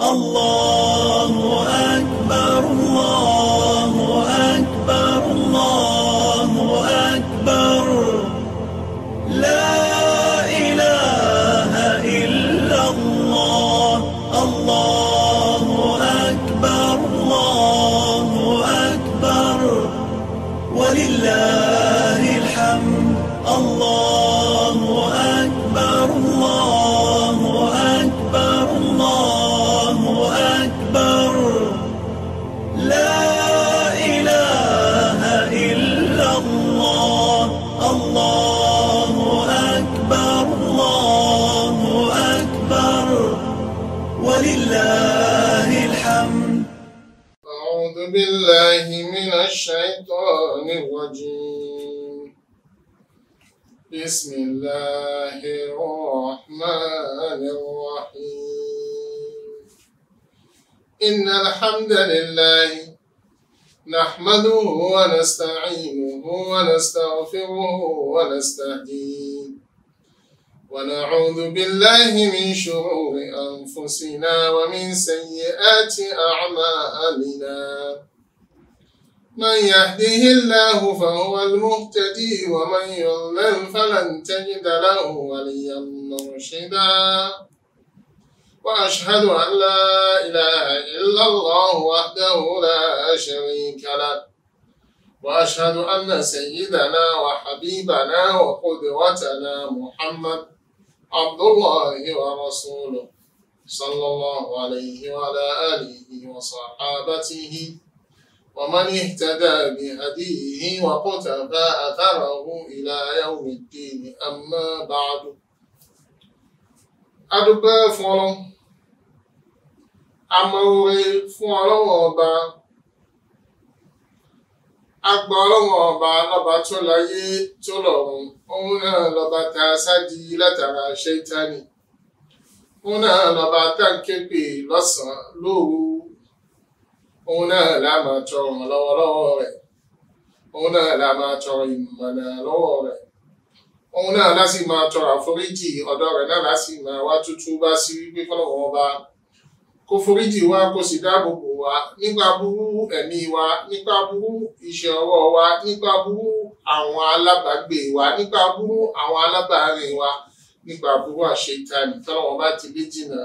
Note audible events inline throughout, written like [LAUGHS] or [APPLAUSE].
الله أكبر بسم الله الرحمن الرحيم إن الحمد لله نحمده ونستعينه ونستغفره ونستهديه ونعوذ بالله من شرور أنفسنا ومن سيئات أعمالنا من يهده الله فهو المهتدي ومن يضلل فلن تجد له وليا مرشدا وأشهد أن لا إله إلا الله وحده لا شريك له وأشهد أن سيدنا وحبيبنا وقدوتنا محمد عبد الله ورسوله صلى الله عليه وعلى آله وصحابته ومن اهتدى بهديه وقتفى أثره إلى يوم الدين أما بعد adúpẹ́ fún ọlọ́run amọ̀wé fún ọlọ́run ọba agbọ́ ọlọ́run ọba lọ́ba tó láyé tó lọ́run òun náà lọ́ba ta sádi látara ṣẹ́tánì òun náà lọ́ba tá ń képe lọ́sàn-án lóru òun la macho tọrọ lọ́wọ́ lọ́wọ́ la macho tọrọ ìmọ̀nà lọ́wọ́ rẹ̀ òun náà lásì máa tọrọ àforíjì ọ̀dọ̀ rẹ̀ náà lásì máa wá tútú bá sí wípé fọlọ́wọ́ ọba kó foríjì wa kó sì dáàbòbò wa nípa burú ẹ̀mí wa nípa burú iṣẹ́ ọwọ́ wa nípa burú àwọn alábàágbé wa nípa burú àwọn alábàárìn wa nípa burú àṣetà nìkan wọn ti lé jìnnà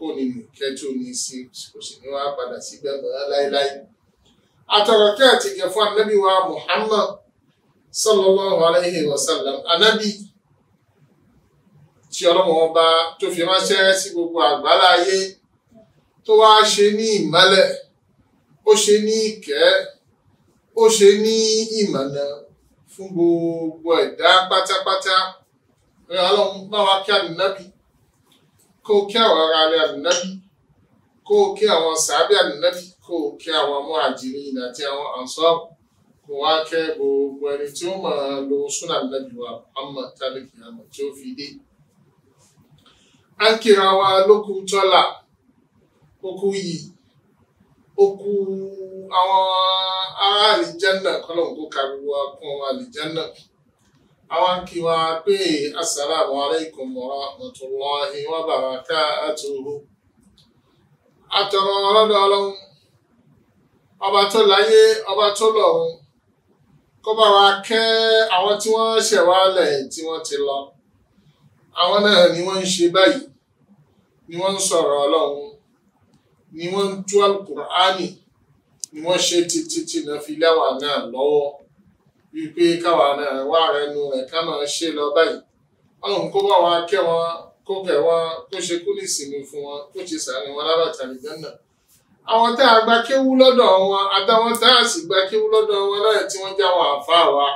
kò ní ní kẹtù ní sí kò sì ní wá padà sí gbẹ̀gbẹ̀ láéláé àtọ̀rọ̀ kí àti gẹ̀ fún anábì wa Muhammad sallallahu alayhi wa sallam anábì tí ọlọ́mọ ọba tó fi ránṣẹ́ sí gbogbo àgbáláyé tó wá ṣe ní ìmọ́lẹ̀ ó ṣe ní ìkẹ́ ó ṣe ní ìmọ̀nà fún gbogbo ẹ̀dá pátápátá ọlọ́run bá wa kí ànábì kó kí àwọn ará alẹ́ ànábì kó kí àwọn sàábì ànábì kó kí àwọn muhajirin àti àwọn ansar kó wá kẹ́ gbogbo ẹni tí ó máa lo súnà ànábì wa Muhammad tálíkì àmọ̀ tí ó fi dé. a ń kíra wa lókù tọ́lá okú yìí okú àwọn ará àlìjánà kọ́lọ̀ ń kó ka gbogbo akún àlìjánà kù àwọn kí wọn pé assalamu alaikum wa rahmatullahi wa barakatuhu àtọ̀rọ̀ ọlọ́dọ̀ ọlọ́run ọba tó láyé ọba tó lọ́run kó bá wa kẹ́ àwọn tí wọ́n ṣẹ̀wálẹ̀ tí wọ́n ti lọ àwọn náà ni wọ́n ń ṣe báyìí ni wọ́n ń sọ̀rọ̀ ọlọ́run ni wọ́n ń tú alukur'ani ni wọ́n ṣe títí tí náà fi lẹ́wà náà lọ́wọ́ wípé káwa náà wà rẹnu rẹ̀ ká máa ṣe lọ báyìí ọlọ́run kó bá wa kẹ́ wọn kó kẹ́ wọn kó ṣe kú ní ìsinmi fún wọn kó ṣe sàánú wọn lára tàlìjọ́ àwọn tá a gba kéwú lọ́dọ̀ wọn àtàwọn tá a sì gba kéwú lọ́dọ̀ wọn láyẹ̀ tí wọ́n já wọn àfáà wa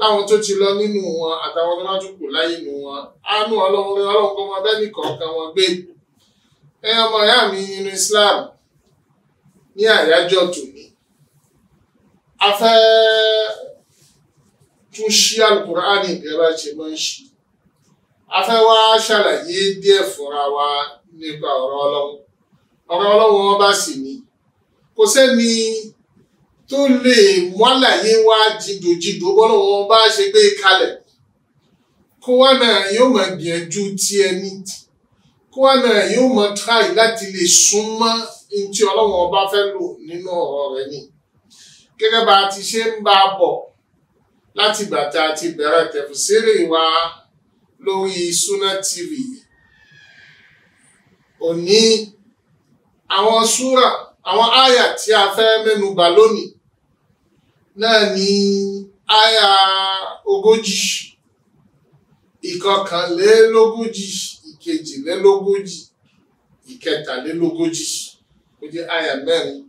láwọn tó ti lọ nínú wọn àtàwọn tó bá tún kù láyé nínú wọn àánú ọlọ́run rẹ ọlọ́run kọ́ máa bẹ́ẹ̀ nìkọ̀ọ̀kan wọn gbé ẹ ọmọ ìyá mi nínú Islam ní àyájọ́ tòní a fẹ́ tún ṣí alukur'ani gẹ́gẹ́ bá ṣe máa ń ṣí a ṣàlàyé díẹ̀ fúnra wa nípa ọ̀rọ̀ ọlọ́run ọ̀rọ̀ ọlọ́run wọn bá sì ní kò sẹ́ni tó lè mú àlàyé wá jìdòjìdò bọ́lọ́run wọn bá ṣe gbé kalẹ̀ kó wá náà yóò máa gbìyànjú ti ẹni kó wá náà yóò máa tíráì láti lè súnmọ́ ní tí ọlọ́run ọba fẹ́ lò nínú ọ̀rọ̀ rẹ̀ ni gẹ́gẹ́ bá a ti ṣe ń bá a bọ̀ láti ìgbà tá a ti bẹ̀rẹ̀ tẹ̀fùsírì wa lórí Sunna TV òní àwọn súrà àwọn àyà tí a fẹ́ mẹ́nu bà lónìí náà ni àyà ogójì ìkọkànlélógójì ìkejìlélógójì ìkẹtàlélógójì ó jẹ́ àyà mẹ́rin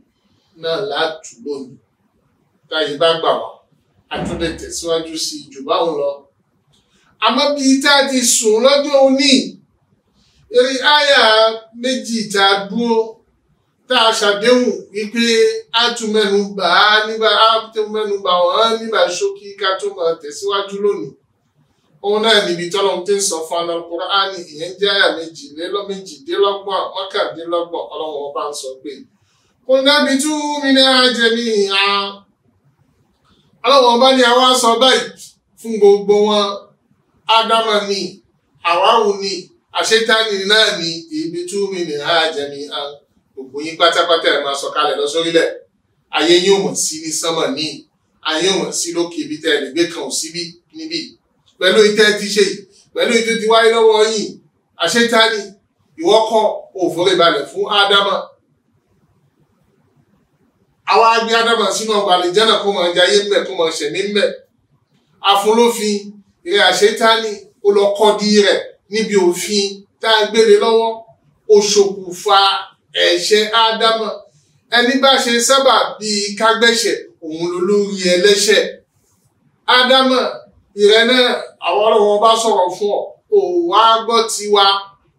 náà látùlónìí táyé bá gbà wá àtúndẹ tẹ̀síwájú sí jù báwọn lọ àmọ́ bí tá a ti sùn lọ́jọ́ òní eré àyà méjì tá a dúró tá a ṣàdéhùn wípé a tún mẹ́nu bà á nígbà a tún mẹ́nu bà wọ́n nígbà ṣókí ká tó máa tẹ̀síwájú lónìí òun náà níbi tọ́lọ́ ti ń sọ fún Al-Qur'ani ìyẹn jẹ́ àyà méjìlélọ́gbọ̀n mọ́kàndínlọ́gbọ̀n ọlọ́run ọba ń sọ pé kò nábìtú mi ní àjẹmí ìhàn ọlọ́wọ́n bá ní àwa sọ báyìí fún gbogbo wọn ádámà ni àwáwù ni àṣetánì náà ni èmi tún mi ní àjẹ mi hàn gbogbo yín pátápátá ẹ̀ máa sọ̀kalẹ̀ lọ sórílẹ̀ ayé yóò mọ̀ sí ní sánmọ̀ ní ayé yóò mọ̀ sí lókè ibi tẹ́ ẹ̀ gbé kan síbí níbí pẹ̀lú ìtẹ́ ti ṣe pẹ̀lú ìtú ti wáyé lọ́wọ́ yìí àṣetánì ìwọ́kọ̀ òfòrè balẹ̀ fún ádámà àwa gbé ádámà sínú ọgbà àlìjánà kó máa jayé mbẹ kó máa ṣẹ̀mí mbẹ àfúnlófin ìrẹ́ àṣetáni ó lọ kọ́dí rẹ̀ níbi òfin tá a gbére lọ́wọ́ ó ṣokùnfà ẹ̀ṣẹ̀ ádámà ẹni bá ṣe sábà bíi kágbẹ́ṣẹ̀ òun lolórí ẹlẹ́ṣẹ̀ ádámà ìrẹ́ náà àwọn ọlọ́wọ́ bá sọ̀rọ̀ fún ọ òun wá gbọ́ tiwa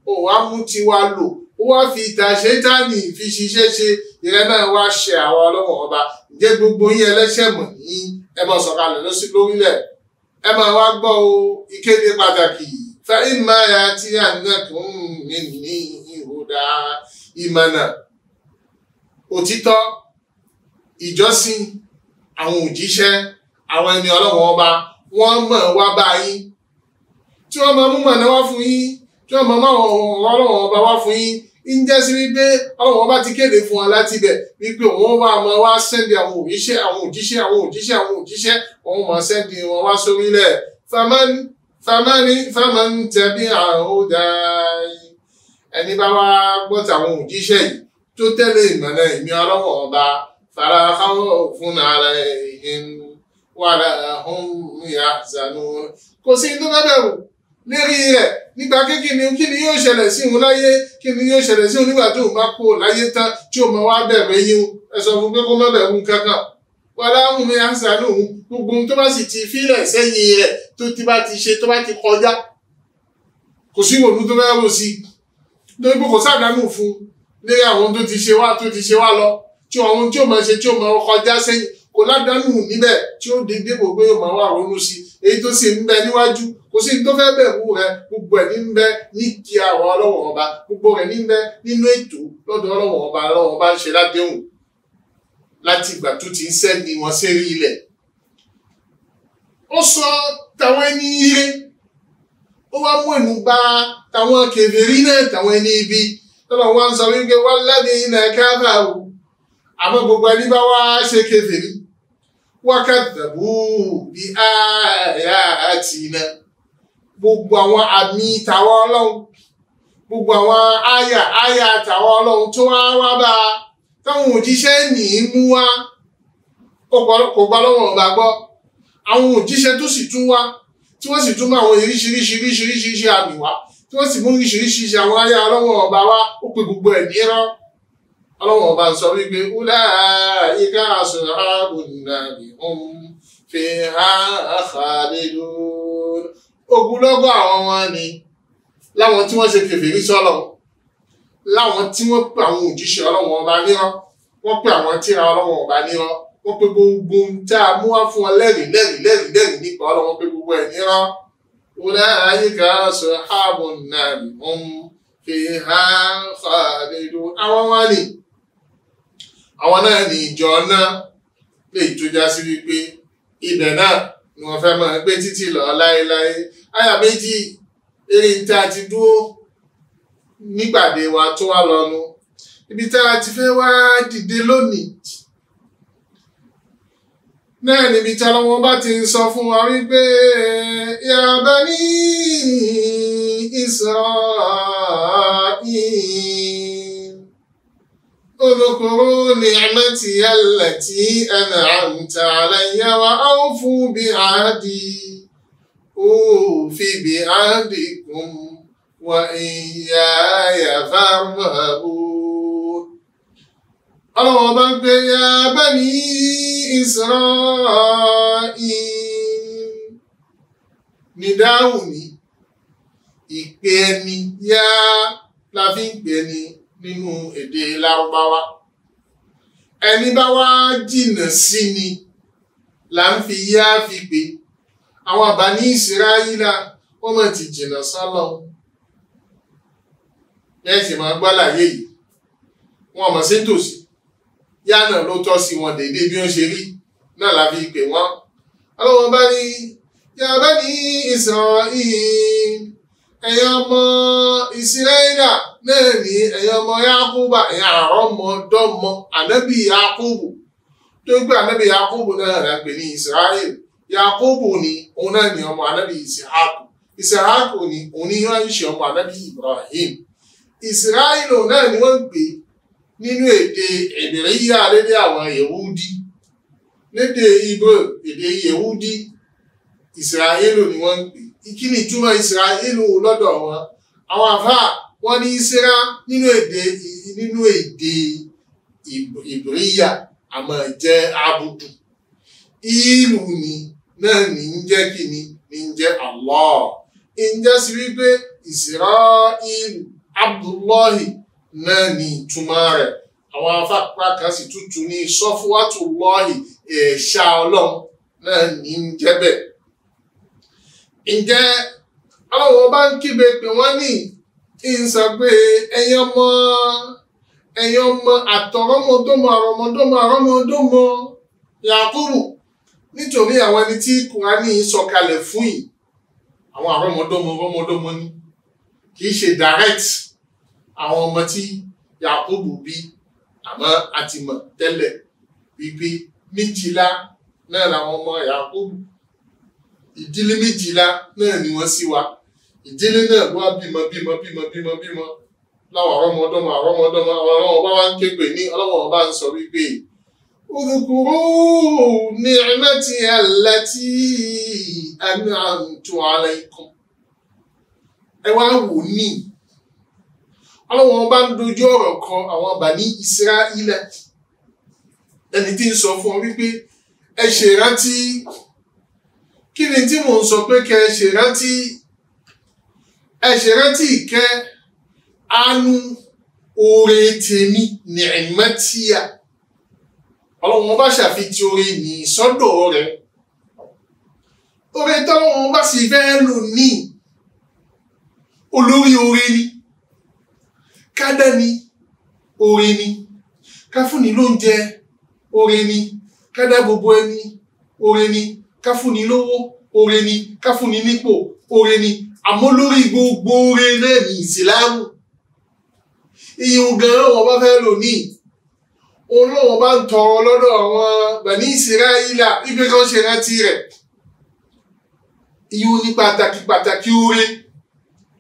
òun wá mú tiwa lò wá fi ìtà ṣẹ́tánì fi ṣiṣẹ́ ṣe ìrẹ́ náà wá ṣe àwọn ọlọ́wọ́ ọba ǹjẹ́ gbogbo yín ẹlẹ́ṣẹ̀ mọ̀ ní ẹ máa sọ̀kalẹ̀ lọ́sí lórílẹ̀ ẹ máa wá gbọ́ o ìkéde pàtàkì fẹ́rí máa ti àná tó ń mi ní ìhòòdà ìmọ̀nà òtítọ́ ìjọsìn àwọn òjíṣẹ́ àwọn ẹni ọlọ́wọ́ ọba wọ́n mọ̀ wá bá yín tí wọ́n máa mú mọ̀nà wá fún yín tí wọ́n máa máa ọlọ́wọ́ ọba wá fún yín ń jẹ́ sí wípé ọlọ́wọ́n bá ti kéde fún wa láti bẹ̀ wípé òun máa máa wá sẹ́ndì àwọn òjíṣẹ́ àwọn òjíṣẹ́ àwọn òjíṣẹ́ àwọn òjíṣẹ́ òun máa sẹ́ndì wọn wá sórílẹ̀ famani famani tẹ̀bí àhódà ẹni bá wá gbọ́ tàwọn òjíṣẹ́ yìí tó tẹ̀lé ìmọ̀lẹ́ ìmí ọlọ́wọ́n ọba fara káwọ́ fún ara ìhìn wàrà ọ̀hún ìyá sànú kò sí inú lérí rẹ̀ nígbà kékeré kí ni yóò ṣẹlẹ̀ sí òun láyé kí ni yóò ṣẹlẹ̀ sí òun nígbà tó bá kú láyé tán tí ó máa wá bẹ̀rẹ̀ yín ẹ sọ fún pé kó má bẹ̀rù kankan wàláhùn mi àṣà lòun gbogbo tó bá sì ti fílẹ̀ sẹ́yìn rẹ̀ tó ti bá ti ṣe tó bá ti kọjá kò sí ìwòlú tó fẹ́ wò sí lórí pé kò sàdánù fún lérí àwọn tó ti ṣe wá tó ti ṣe wá lọ tí àwọn tí ó máa ṣe tí ó máa kọjá sẹ́yìn kò ládánù níbẹ̀ tí ó dédé gbogbo yóò máa wà ronú sí èyí tó sì ń bẹ níwájú kò sí tó fẹ́ bẹ̀rù rẹ gbogbo ẹ̀ ní ń bẹ ní kí àwọn ọlọ́wọ̀n ọba gbogbo rẹ̀ ní ń bẹ nínú ètò lọ́dọ̀ ọlọ́wọ̀n ọba ọlọ́wọ̀n ọba ń ṣe ládéhùn láti ìgbà tó ti ń sẹ́ni wọn sérí ilẹ̀ ó sọ tàwọn ẹni ire ó wá mú ẹnu gba tàwọn kèfèrí náà tàwọn ẹni ibi tọ́lọ̀ wọn sọ wípé wọ́n lẹ́ni ilẹ̀ káfàrú àmọ́ gbogbo ẹni bá wá ṣe kèfèrí wákàtàbù bí àyà àti náà gbogbo àwọn àmì tàwọn ọlọ́run gbogbo àwọn àyà àyà tàwọn ọlọ́run tó wá wá bá a táwọn òjíṣẹ́ nì í mú wá kò gbá lọ́wọ́ ọ̀gá gbọ́ àwọn òjíṣẹ́ tó sì tún wá tí wọ́n sì tún mú àwọn oríṣiríṣi oríṣiríṣi àmì wá tí wọ́n sì mú oríṣiríṣi àwọn àyà ọlọ́wọ́ ọba wá ó pe gbogbo ẹ̀ ní rán ọlọ́wọ́ ọba sọ wípé wúlá ìka àṣọ ogunlọ́gọ̀ àwọn wọn ni láwọn tí wọ́n ṣe kèfèrí sọ́lọ̀ láwọn tí wọ́n pè àwọn òjíṣẹ́ ọlọ́wọ́n ọba nírọ́ wọ́n pè àwọn tíra ọlọ́wọ́n ọba nírọ́ wọ́n pè gbogbo tá a mú wá fún ọ lẹ́rìí lẹ́rìí lẹ́rìí lẹ́rìí nípa ọlọ́wọ́n pè gbogbo ẹ̀ nírọ́ wọlé àyíká sọ ààbò náà mọ́mú fi ha fàdédú àwọn wá ní àwọn náà ní ìjọ náà lè tó já sí wípé ibẹ̀ náà ni wọ́n fẹ́ máa gbé títí lọ láéláé àyà méjì eré tí a ti dúró nígbàdé wa tó wá lọ́nu ibi tá a ti fẹ́ wá dìde lónìí náà níbi tí ọlọ́wọ́ bá ti ń sọ fún wa wípé ya bani Isra'il udhkuru ni'mati allati an'amta alayya wa awfu bi'ahdi. أوفي بعهدكم وإياي فارهبون ọlọ́wọ́ bá ń pè ya bani Isra'il ní dáhùn ní ìpè ẹni yá la fi ń pè nínú èdè lárúbáwá ẹni bá wá jìnnà sí ni là ń fi yá fi pè àwọn àbáni ìsìráyílà wọ́n mọ̀ ti jìnnà sálọ lẹ́sìn máa gbálàyé yìí wọn mọ̀ sí tòsí yánà ló tọ́ sí wọn déédéé bí wọ́n ṣe rí náà láfi pè wọ́n ọlọ́wọ́n bá ní yàrá ní Isra'il ẹ̀yin ọmọ ìsirẹ́yìnà náà ní ẹ̀yin ọmọ yakuba ẹ̀yin àrọ́mọ dọ́mọ ànábì yakubu tó gbé ànábì yakubu náà rẹ̀ pè ní Isra'il yakubu ni òun náà ni ọmọ anábì isihaku isihaku ni òun ni yóò ṣe ọmọ anábì ibrahim israẹli òun náà ni wọ́n ń nínú èdè ìbìrìyà lédè àwọn yehudi lédè ibò èdè yehudi israẹli ni wọ́n ń pè kí ni ìtumọ̀ israẹli lọ́dọ̀ wọn àwọn àfáà wọ́n ní isra nínú èdè nínú èdè ìbìrìyà àmọ́ jẹ́ abudu ìlú ni náà ní ń jẹ́ kíni ní ń jẹ́ Allah ìjẹ́ sí wípé Israel Abdullahi náà ní ìtumọ̀ rẹ̀ àwọn afápá kan sì tútù ní Sọfúwátùlọ́hì ẹ̀ṣà ọlọ́run náà ní ń jẹ́ bẹ́ẹ̀ ǹjẹ́ àwọn bá ń kígbe pé wọ́n ní ìsọ pé ẹ̀yin ọmọ Yakubu nítorí àwọn ẹni tí kùránì sọ̀kalẹ̀ fún yìí àwọn àrọ́mọdọ́mọ rọ́mọdọ́mọ ni kì í ṣe direct àwọn ọmọ tí Yakubu bí àmọ́ àtìmọ̀ tẹ́lẹ̀ wípé méjìlá náà làwọn ọmọ Yakubu ìdílé méjìlá náà ni wọ́n sí wa ìdílé náà ló wá bímọ bímọ bímọ bímọ bímọ láwọn àrọ́mọdọ́mọ àrọ́mọdọ́mọ àwọn ọmọ bá wá ń ké pè ní ọlọ́wọ́n bá ń sọ wípé اذكروا نعمتي التي أنعمت عليكم ẹ wá wò ní ọlọ́wọ́n bá ń dojú ọ̀rọ̀ kan àwọn bàní Ísírẹ́lì ẹni tí ń sọ fún ọ wípé ẹ ṣèrántí kí ni tí mò ń sọ pé kẹ ẹ ṣèrántí ẹ ṣèrántí ìkẹ́ àánú oore tèmi nìrìmẹ́tìyà ọlọ́run wọn bá ṣàfihàn orí ní sọ́dọ̀ rẹ̀ orí tọ́lọ́run wọn bá sì fẹ́ lò ní olórí orí ni kádà ni orí ni káfúnni lóúnjẹ orí ni kádà gbogbo ẹni orí ni káfúnni lówó orí ni káfúnni nípò orí ni àmọ́ lórí gbogbo orí náà ní ìsìláàmù ìyẹn gan-an wọn bá fẹ́ lò ní òun lòun bá ń tọrọ lọ́dọ̀ àwọn bani Israila ibi kan ṣe rántí rẹ̀ ìhun ní pàtàkì pàtàkì oore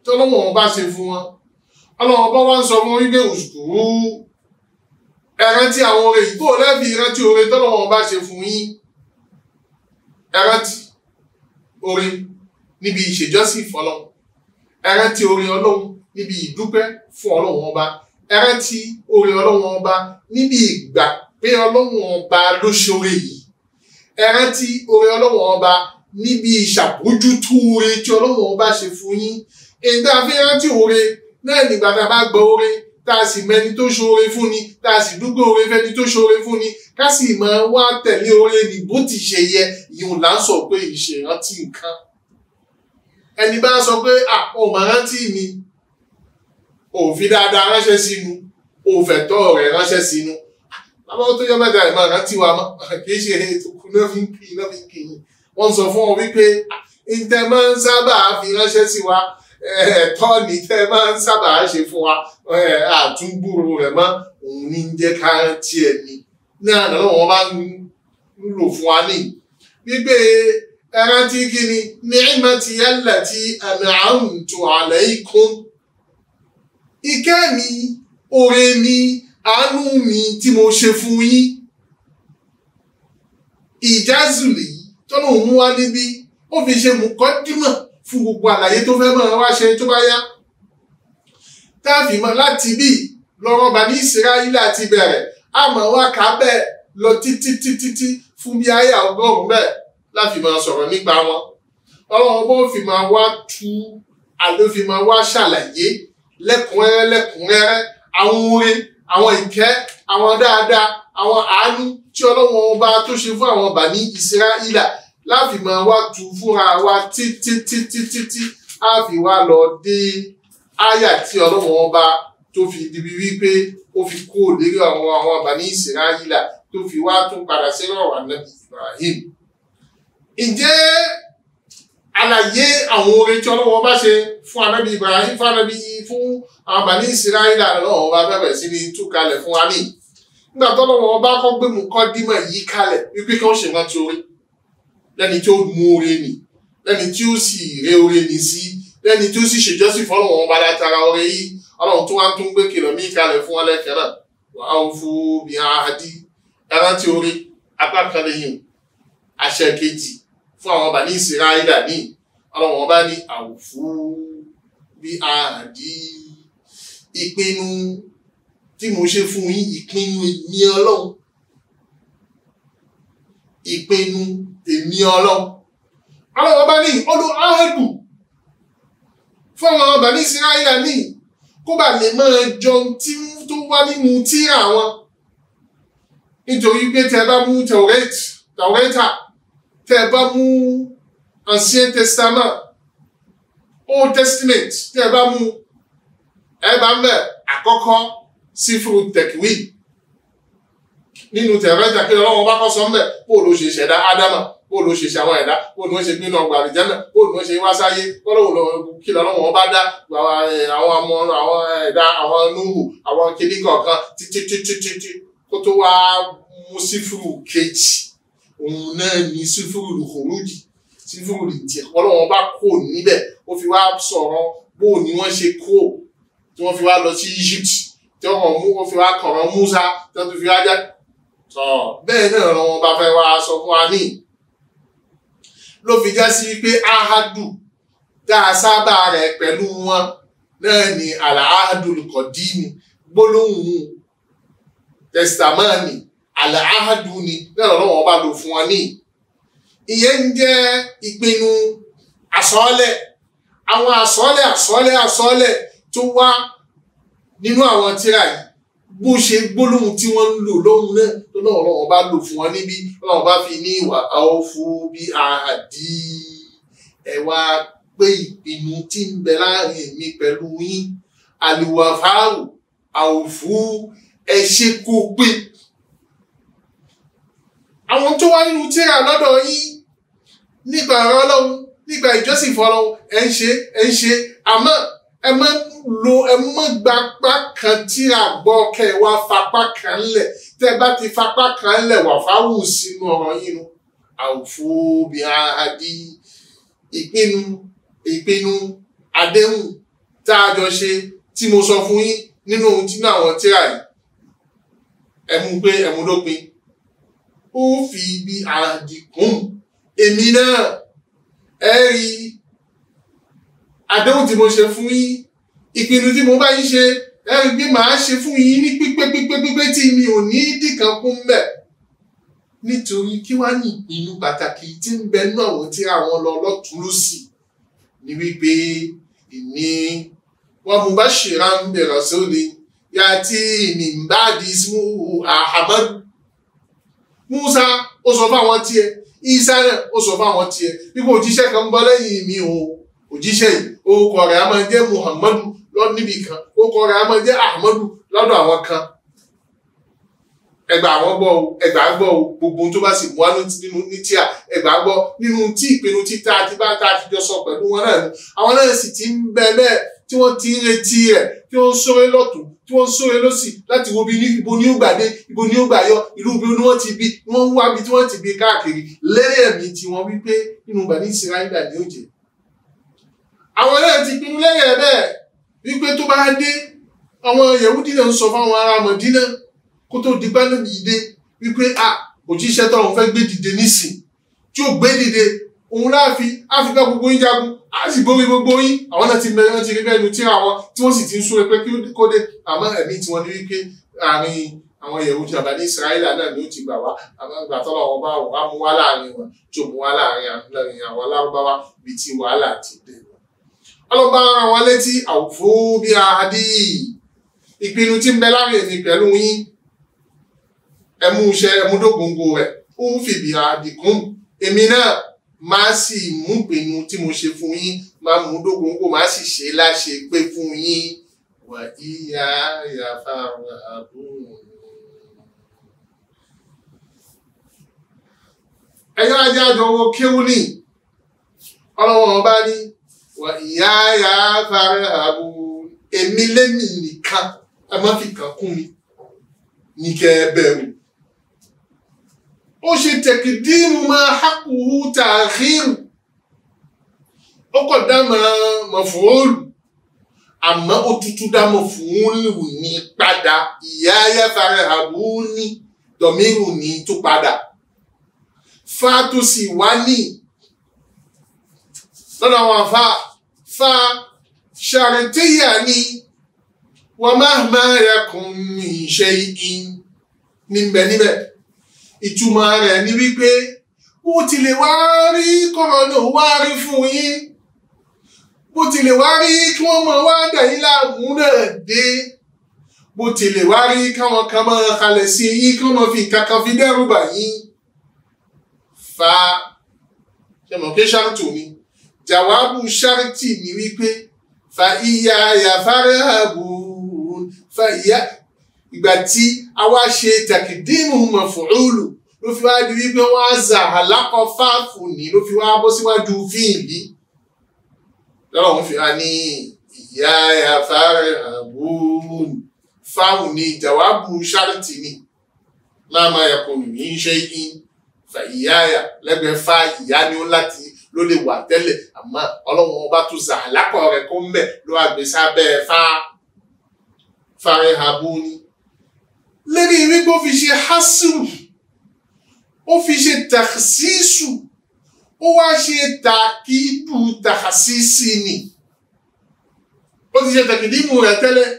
tọ́lọ́wọ̀n bá ṣe fún wọn ọlọ́wọ́n bá wá ń sọ fún wípé òṣùkúrú ẹ̀rántí àwọn oore ìgbò lẹ́bí ìrántí oore tọ́lọ́wọ́n bá ṣe fún yín ẹ̀rántí oore níbi ìṣèjọ́sìn fọlọ́ ẹ̀rántí oore ọlọ́run níbi ìdúpẹ́ fún ọlọ́run ọba ẹ rántí orin ọlọ́run ọba níbi ìgbà pé ọlọ́run ọba ló ṣoore yìí ẹ rántí orin ọlọ́run ọba níbi ìṣàbójútó oore tí ọlọ́run ọba ṣe fún yín èyí tá a fi rántí oore náà nígbà tá a bá gbọ́ oore tá a sì mẹni tó ṣoore fún ni tá a sì dúgbò oore fẹni tó ṣoore fún ni ká sì máa wá tẹ̀lé oore ní bó ti ṣe yẹ ìhùn là ń sọ pé ìṣèrántí nǹkan ẹni bá sọ pé à ọmọ mi òfin dáadáa ránṣẹ́ sínú òfẹ̀tọ́ rẹ̀ ránṣẹ́ sínú bàbá tó yọ mẹ́ta ìmọ̀ rántí wa mọ́ [LAUGHS] kì í ṣe ètò iná fi ń kí iná fi ń kí yín wọ́n sọ fún wọn wípé ìtẹ́ máa ń sábà fi ránṣẹ́ sí wa ẹ̀tọ́ ní tẹ́ máa ń sábà ṣe fún wa àtúngbòrò rẹ̀ mọ́ òun ní jẹ́ ká rántí ẹni náà náà wọ́n bá ń lò fún wa ní gbígbé ẹrántí kí ni ní ìmọ̀ ti yálà ti àmì àrùn àlẹ́ ikún ìkẹ́ mi oore mi àánú mi tí mo ṣe fún yín ìjázùlì tọ́nà òun wá níbí ó fi ṣe mùkọ́dímọ̀ fún gbogbo àlàyé tó fẹ́ mọ̀ wá ṣe tó bá yá táàfì mọ̀ láti bí lọ́rọ̀ bá ní ìsirayílà àti bẹ̀rẹ̀ àmọ́ wá kà á bẹ́ẹ̀ lọ títí títí tí fún bí ayé ọgọ́rùn-ún bẹ́ẹ̀ láfi sọ̀rọ̀ nípa wọn ọlọ́run bó fi máa wá tú àló fi máa wá ṣàlàyé lẹ́kùnrẹ́rẹ́ lẹ́kùnrẹ́rẹ́ àwọn oore àwọn ìkẹ́ àwọn dáadáa àwọn àánú tí ọlọ́run ọba tó ṣe fún àwọn bàní ìsíráìlà láfi máa wá tu fúnra wa títí títí títí á fi wá lọ dé áyà tí ọlọ́run ọba tó fi dibi wípé ó fi kó lérí àwọn àwọn bàní ìsíráìlà tó fi wá tún padà sínú ọ̀rọ̀ ànábì Ibrahim. ǹjẹ́ àlàyé àwọn orin tí ọlọ́wọ́ bá ṣe fún anábì Ibrahim fún anábì fún àwọn bàní ìsirayílà náà ọba bẹ̀rẹ̀ sí ní tú kalẹ̀ fún wa ní nígbà tọ́lọ́wọ́ bá kọ́ gbé mú kọ́ dímọ̀ yí kalẹ̀ wípé kí wọ́n ṣe rántí orin lẹ́ni tí ó mú orin nì lẹ́ni tí ó sì ré orin nì sí lẹ́ni tí ó sì ṣèjọ́sìn fọ́lọ́wọ́ wọn bá látara orin yìí ọlọ́run tó wá ń gbé kìlọ̀ mí kalẹ̀ fún wọn lẹ́kẹ̀ẹ́ fún àwọn bàní ìsìráìlà ní ọlọ́run ọba ní àwòfú bí àdí ìpinnu tí mo ṣe fún yín ìpinnu èmi ọlọ́run ìpinnu èmi ọlọ́run ọlọ́run ọba ní olú áhẹ́dù fún àwọn bàní ìsìráìlà ní kó bà lè máa jọun tí tó wá nínú tíra wọn nítorí pé tẹ bá mú tẹ̀wẹ́tà tẹ́ ẹ bá mú ancien testament old testament tẹ́ ẹ bá mú ẹ bá ń bẹ̀ àkọ́kọ́ sífù tẹ̀kíwì nínú tẹ̀rẹ́jà kí ọlọ́run bá kọ́ sọ mbẹ̀ bó ló ṣe ṣẹ̀dá ádámà bó ló ṣe ṣàwọn ẹ̀dá bó ló ṣe gbénu ọgbà àlìjánà bó ló ṣe wá sáyé kọ́lọ́wọ́ kí ọlọ́run bá dá àwọn ọmọ àwọn ẹ̀dá àwọn núhù àwọn kìnnìkan kan títí títí títí kó tó wá mú sífù kejì òun náà ní sífúrù kòrójì sífúrù tiẹ̀ ọlọ́wọ́n bá kó níbẹ̀ ó fi wá sọ̀rọ̀ bó ni wọ́n ṣe kó tí wọ́n fi wá lọ sí Egypt tí wọ́n mú wọ́n fi wá kọ̀rọ̀ Musa tí wọ́n fi wá jẹ́ sọ bẹ́ẹ̀ náà lọ́wọ́n bá fẹ́ wá sọ fún wa ní ló fi já sí pé ahadu tá a sábà rẹ̀ pẹ̀lú wọn náà ni àlàáhadùlùkọ̀dí ni gbólóhùn tẹ̀sítámánì àlàáhàdù ni bẹ́ẹ̀ lọ́wọ́ bá lò fún wa ní ìyẹn ń jẹ́ ìpinnu àsọ́ọ́lẹ̀ àwọn àsọ́ọ́lẹ̀ àsọ́ọ́lẹ̀ àsọ́ọ́lẹ̀ tó wá nínú àwọn tíra yìí bó ṣe gbólóhùn tí wọ́n ń lò lóhùn náà tó náà ọlọ́run bá lò fún wọn níbí ọlọ́run bá fi ní ìwà ọ̀fù bí àdí ẹ pé ìpinnu tí ń bẹ láàrin mi pẹ̀lú yín àlùwàfáàrù àwòfù ẹ ṣe kó pé àwọn tó wá nínú tíra lọ́dọ̀ yín nígbà ọ̀rọ̀ ọlọ́run nígbà ìjọsìn fọlọ́run ẹ̀ ń ṣe ẹ̀ ń ṣe àmọ́ ẹ má lo ẹ má gba kan tíra gbọ́ kẹ́ wá fapá kan lẹ̀ tẹ́ bá ti fapá kan lẹ̀ wà fáwù sínú ọ̀rọ̀ yín nu àwòfó bí adi ìpinnu ìpinnu àdéhùn tá a jọ ṣe tí mo sọ fún yín nínú ohun tí náà àwọn tíra yìí ẹ mú pé ẹ mú dópin ó fi ibi àdìkún èmi náà ẹ rí àdéhùn tí mo ṣe fún yín ìpinnu tí mo bá yín ṣe ẹ rí bí màá ṣe fún yín ní pípé pípé pípé tí mi ò ní dìkan kún bẹ̀ nítorí kí wá ní ìpinnu pàtàkì tí ń bẹ náà wò tí àwọn lọ lọ́tùrú sí ni wípé ìní wọn mo bá ṣèrà ń bẹ̀rọ̀ sóde yàtí ìnìmbàdí ismu ahmadu. Musa ó sọ fáwọn tiẹ̀ Isa náà ó sọ fáwọn tiẹ̀ wípé òjíṣẹ́ kan ń bọ́ lẹ́yìn mi o òjíṣẹ́ yìí orúkọ rẹ̀ a máa jẹ́ Muhammadu lọ níbi kan orúkọ rẹ̀ a máa jẹ́ Ahmadu lọ́dọ̀ àwọn kan ẹgbà àwọn gbọ́ o ẹgbà gbọ́ o gbogbo tó bá sì mú wánú nínú ní tíà ẹgbà gbọ́ nínú tí ìpinnu títa àti bá ta àtijọ́ sọ pẹ̀lú wọn náà ni àwọn náà sì ti ń bẹ bẹ́ẹ̀ tí wọ́n ti ń retí rẹ̀ tí wọ́n ń sọ̀rọ̀ lọ́tún tí wọ́n sún elósì láti wo bí ibo ni ó gbà dé ibo ni ó gbà yọ ìlú ibi ni wọ́n ti bí wọ́n wá bí tí wọ́n ti bí káàkiri lérí ẹ̀mí tí wọ́n wí pé inú Bani Israila ni ó jẹ́ àwọn náà ti pinnu lẹ́yìn ẹ̀ bẹ́ẹ̀ wípé tó bá dé àwọn Yẹ̀wúdí náà ń sọ fáwọn ará Mọ̀dínà kó tó di pẹ́ lónìí dé wípé a òjíṣẹ́ tó àwọn fẹ́ gbé dìde nísìn tí ó gbé dìde òun láàfin áfíríkà gbogbo ń jagun a sì borí gbogbo yín àwọn náà ti mẹ wọn ti rí bẹ́ẹ̀ nu tíra wọn tí wọ́n sì ti ń súre pé kí kó dé àmọ́ ẹ̀mí tí wọ́n ní wípé àárín àwọn yẹ̀wò tí àbá ní Israẹli náà ni ó ti gbà wá àmọ́ ìgbà tọ́lọ̀ wọn bá wà mú wá láàrin wọn tó mú wá láàrin àwọn alárúbáwá bíi ti wàhálà ti dé wọn. ọlọ́ba ara wọn létí àwòfó bí adé ìpinnu tí ń bẹ láàrin èmi pẹ̀lú yín ẹmú ẹmúdógóńgó rẹ̀ ó ń àdìkún èmi náà máa sì mú ìpinnu tí mo ṣe fún yín máa mú dógóńgò máa sì ṣe láṣẹ pé fún yín wà íyá ìyàfa àbúrò. ẹ̀yọ́ ajé àjọwọ́ kéwúlì ọlọ́wọ́n ọba ní wà ìyá ìyàfa àbúrò èmi lémi nìkan ẹ má fi kàn kún mi ní kẹ́ ẹ bẹ̀rù ó ṣe tẹ̀kídìmù máa hákùhù tààkìrù ó kọ̀ dá máa mọ̀fóòlù àmọ́ ó tútú dá mọ̀fóòlù ní padà ìyá ayáfàrẹ̀ àbúrú ní dọ̀míìrù ní tó padà fáàtò sì wá ní lọ́dọ̀ àwọn àfa fa ṣàrètíyà ni wọ́n máa máa yẹ kùn ní ṣe níbẹ̀ níbẹ̀ ìtumọ̀ rẹ̀ ni wípé bó tilẹ̀ wá rí kọ́rọ̀nà wá rí fún yín bó tilẹ̀ wá rí kí wọ́n mọ̀ wá dàyín láàmú náà dé bó tilẹ̀ wá rí káwọn kan máa kalẹ̀ sí yín kí wọ́n fi nǹkan fi dẹ́rù bà yín fa ṣẹmọ̀kẹ́ ṣáàtù ni jàwábù ṣáàtì ni wípé fa ìyá àyàfárẹ́ ààbò fa ìyá ìgbà tí a wá ṣe tàkìdímù mọ̀fùrúlù ló fi wá di wípé wọ́n á zà àlákọ̀ fáàfù ní ló fi wá bọ́ síwájú fíìlì lọ́wọ́ wọn fi wá ní ìyá afárẹ̀ àbúrún fáàfù ní ìjàwábù ṣáàtì ni láàmà ẹ̀kọ́ ní ṣe in fàyíyáyà lẹ́gbẹ̀ẹ́ fa ìyá ni ó láti ló lè wà tẹ́lẹ̀ àmọ́ ọlọ́run ọba tó zà àlákọ̀ rẹ̀ kó ń ló wà gbé sábẹ́ fa fárẹ̀ àbúrún lérí wípé ó fi ṣe hásìrù ó fi ṣe tàxíṣù ó wá ṣe tàkìdù tàxíṣì ni ó ti ṣe tàkìdìmù rẹ̀ tẹ́lẹ̀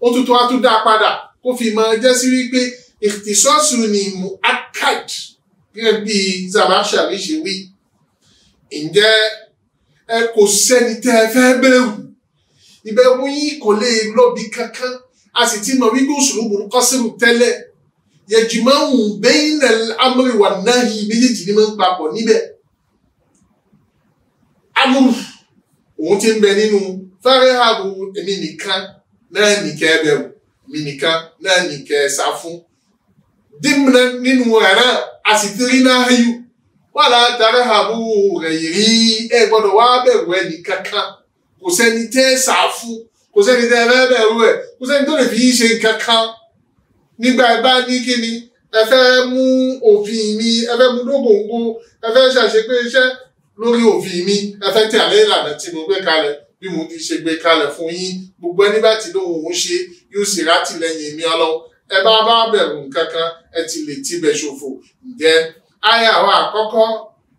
ó tuntun á tún dá padà kó fi mọ jẹ́ sí wípé ìtìsọ́sù ni mu'akkad gẹ́gẹ́ bí Zamakhshari ṣe wí ǹjẹ́ ẹ kò sẹ́ni tẹ́ ẹ fẹ́ bẹ̀rù ìbẹ̀rù yín kò lè lọ́bi kankan a sì ti mọ̀ wípé òṣùlù burúkọ sínú tẹ́lẹ̀ yẹjìmọ́ ń bẹ́yìn nà amúrí wà náà yìí méjèèjì ni máa ń papọ̀ níbẹ̀ amúrù òun ti ń bẹ nínú fáréhàbù èmi nìkan náà nìkẹ́ ẹbẹ̀rù mi nìkan náà nìkẹ́ ẹ̀sà fún dímúná nínú rẹ̀ náà a sì ti rí náà yù wà látàrí àbú rẹ̀ yìí ẹ gbọ́dọ̀ wá bẹ̀rù ẹnì kankan kò sẹ́ni tẹ́ ẹ̀sà fún kò sẹ́ni tẹ́ ẹ fẹ́ bẹ̀rù ẹ̀ kò sẹ́ni tó lè fi ṣe nǹkan kan nígbà ẹ bá ní kíni ẹ fẹ́ mú òfin mi ẹ fẹ́ mú dógòǹgò ẹ fẹ́ ṣàṣepé iṣẹ́ lórí òfin mi ẹ fẹ́ tẹ̀ àlẹ́ ìlànà tí mo gbé kalẹ̀ bí mo ti ṣe gbé kalẹ̀ fún yín gbogbo ẹni bá ti lóhùn òun ṣe yóò sì rátìlẹ́yìn mi ọlọ́wọ́ ẹ bá bá bẹ̀rù nǹkan kan ẹ ti lè tibẹ̀ ṣòfò ǹjẹ́ àyà wa àkọ́kọ́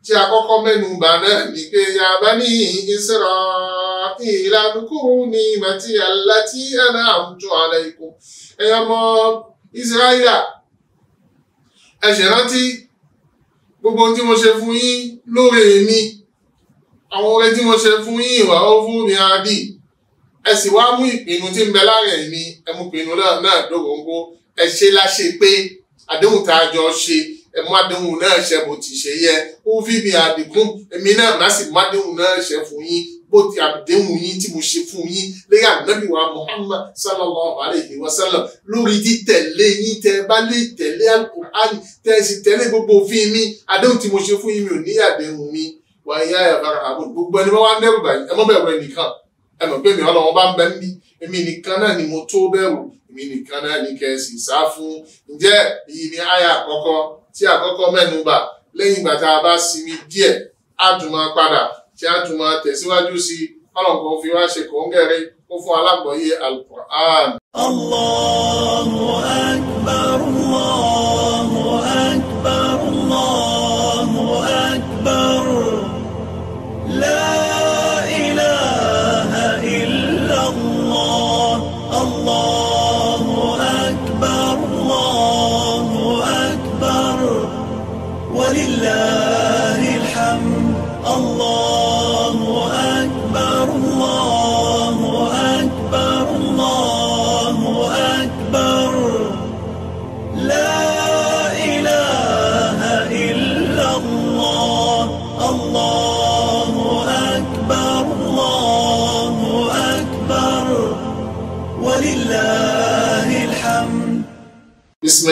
tí a kọ́kọ́ mẹ́nu bà náà ni pé ya bani Isra'ila dhkuru ni'mati allati an'amtu alaykum ẹ̀yọ́ ọmọ Isra'ila ẹ ṣe rántí gbogbo tí mo ṣe fún yín lóore mi àwọn oore tí mo ṣe fún yín ìwà ó fún mi àdì ẹ sì wá mú ìpinnu tí ń bẹ láàrin mi ẹ mú ìpinnu náà náà dògóńgó ẹ ṣe láṣẹ pé àdéhùn tá a jọ ṣe ẹ mú àdéhùn náà ṣẹ bó ti ṣe yẹ ó fi mi àdínkùn èmi náà má sì mú ti mo ṣe fún yín lẹ́yìn ànábì wa Muhammad sallallahu alaihi wa sallam lórí títẹ̀lé yín tẹ́ bá lè tẹ̀lé alukur'ani tẹ́ sì tẹ̀lé gbogbo òfin mi àdéhùn tí mo ṣe fún yín mi ò ní àdéhùn mi wà á yá ẹ̀fọ́ra àbò gbogbo ẹni wọ́n wá dẹ́rù báyìí ẹ mọ́ bẹ̀rù ẹnìkan ẹ mọ̀ pé mi ọlọ́wọ́n bá ń bẹ níbí èmi nìkan náà ni mo tó bẹ̀rù èmi nìkan náà ni kẹ́ ẹ sì sá fún ǹjẹ́ ni àyà àkọ́kọ́ tí àkọ́kọ́ mẹ́nubà lẹ́yìn ìgbà tá a bá sinmi díẹ̀ á tún máa padà tí a tún máa tẹ̀síwájú sí i ọlọ́nkọ́ fi wá ṣe kòńgẹ́rẹ́ ó fún alágbọ̀ọ́yé alukur'an. Allahu akbar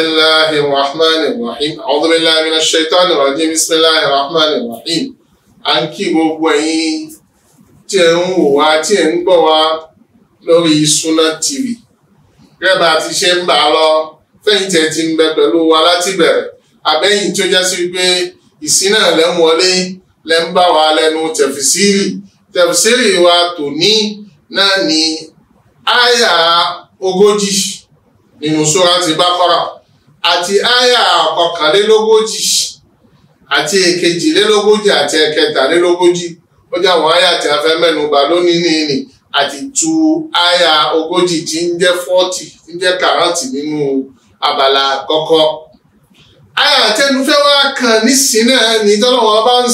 الله الرحمن الرحيم أعوذ بالله من الشيطان الرجيم بسم الله الرحمن الرحيم à ń kí gbogbo ẹ̀yin tí ẹ̀ ń wò wá tí ẹ̀ ń gbọ́ wá lórí Sunna TV rẹ́bà ti ṣe ń bà á lọ fẹ́yìntì ẹ̀ ti ń bẹ pẹ̀lú wa láti bẹ̀rẹ̀ àbẹ́yìn tó já sí pé ìsínà lẹ́ ń wọlé lẹ́ ń bá wa lẹ́nu tẹ̀fìsírì tẹ̀fìsírì wa tòní náà ni àyà ogójì nínú Sūratu Baqarah. àti aya ọ̀kànlélógójì àti èkejìlélógójì àti ẹ̀kẹtàlélógójì ó jẹ́ àwọn tí a fẹ́ lónìí nìyí àti tu aya ogójì tí ń jẹ́ fọ́tì tí ń nínú abala kọkọ. àyà àtẹnufẹ́ wa kàn ní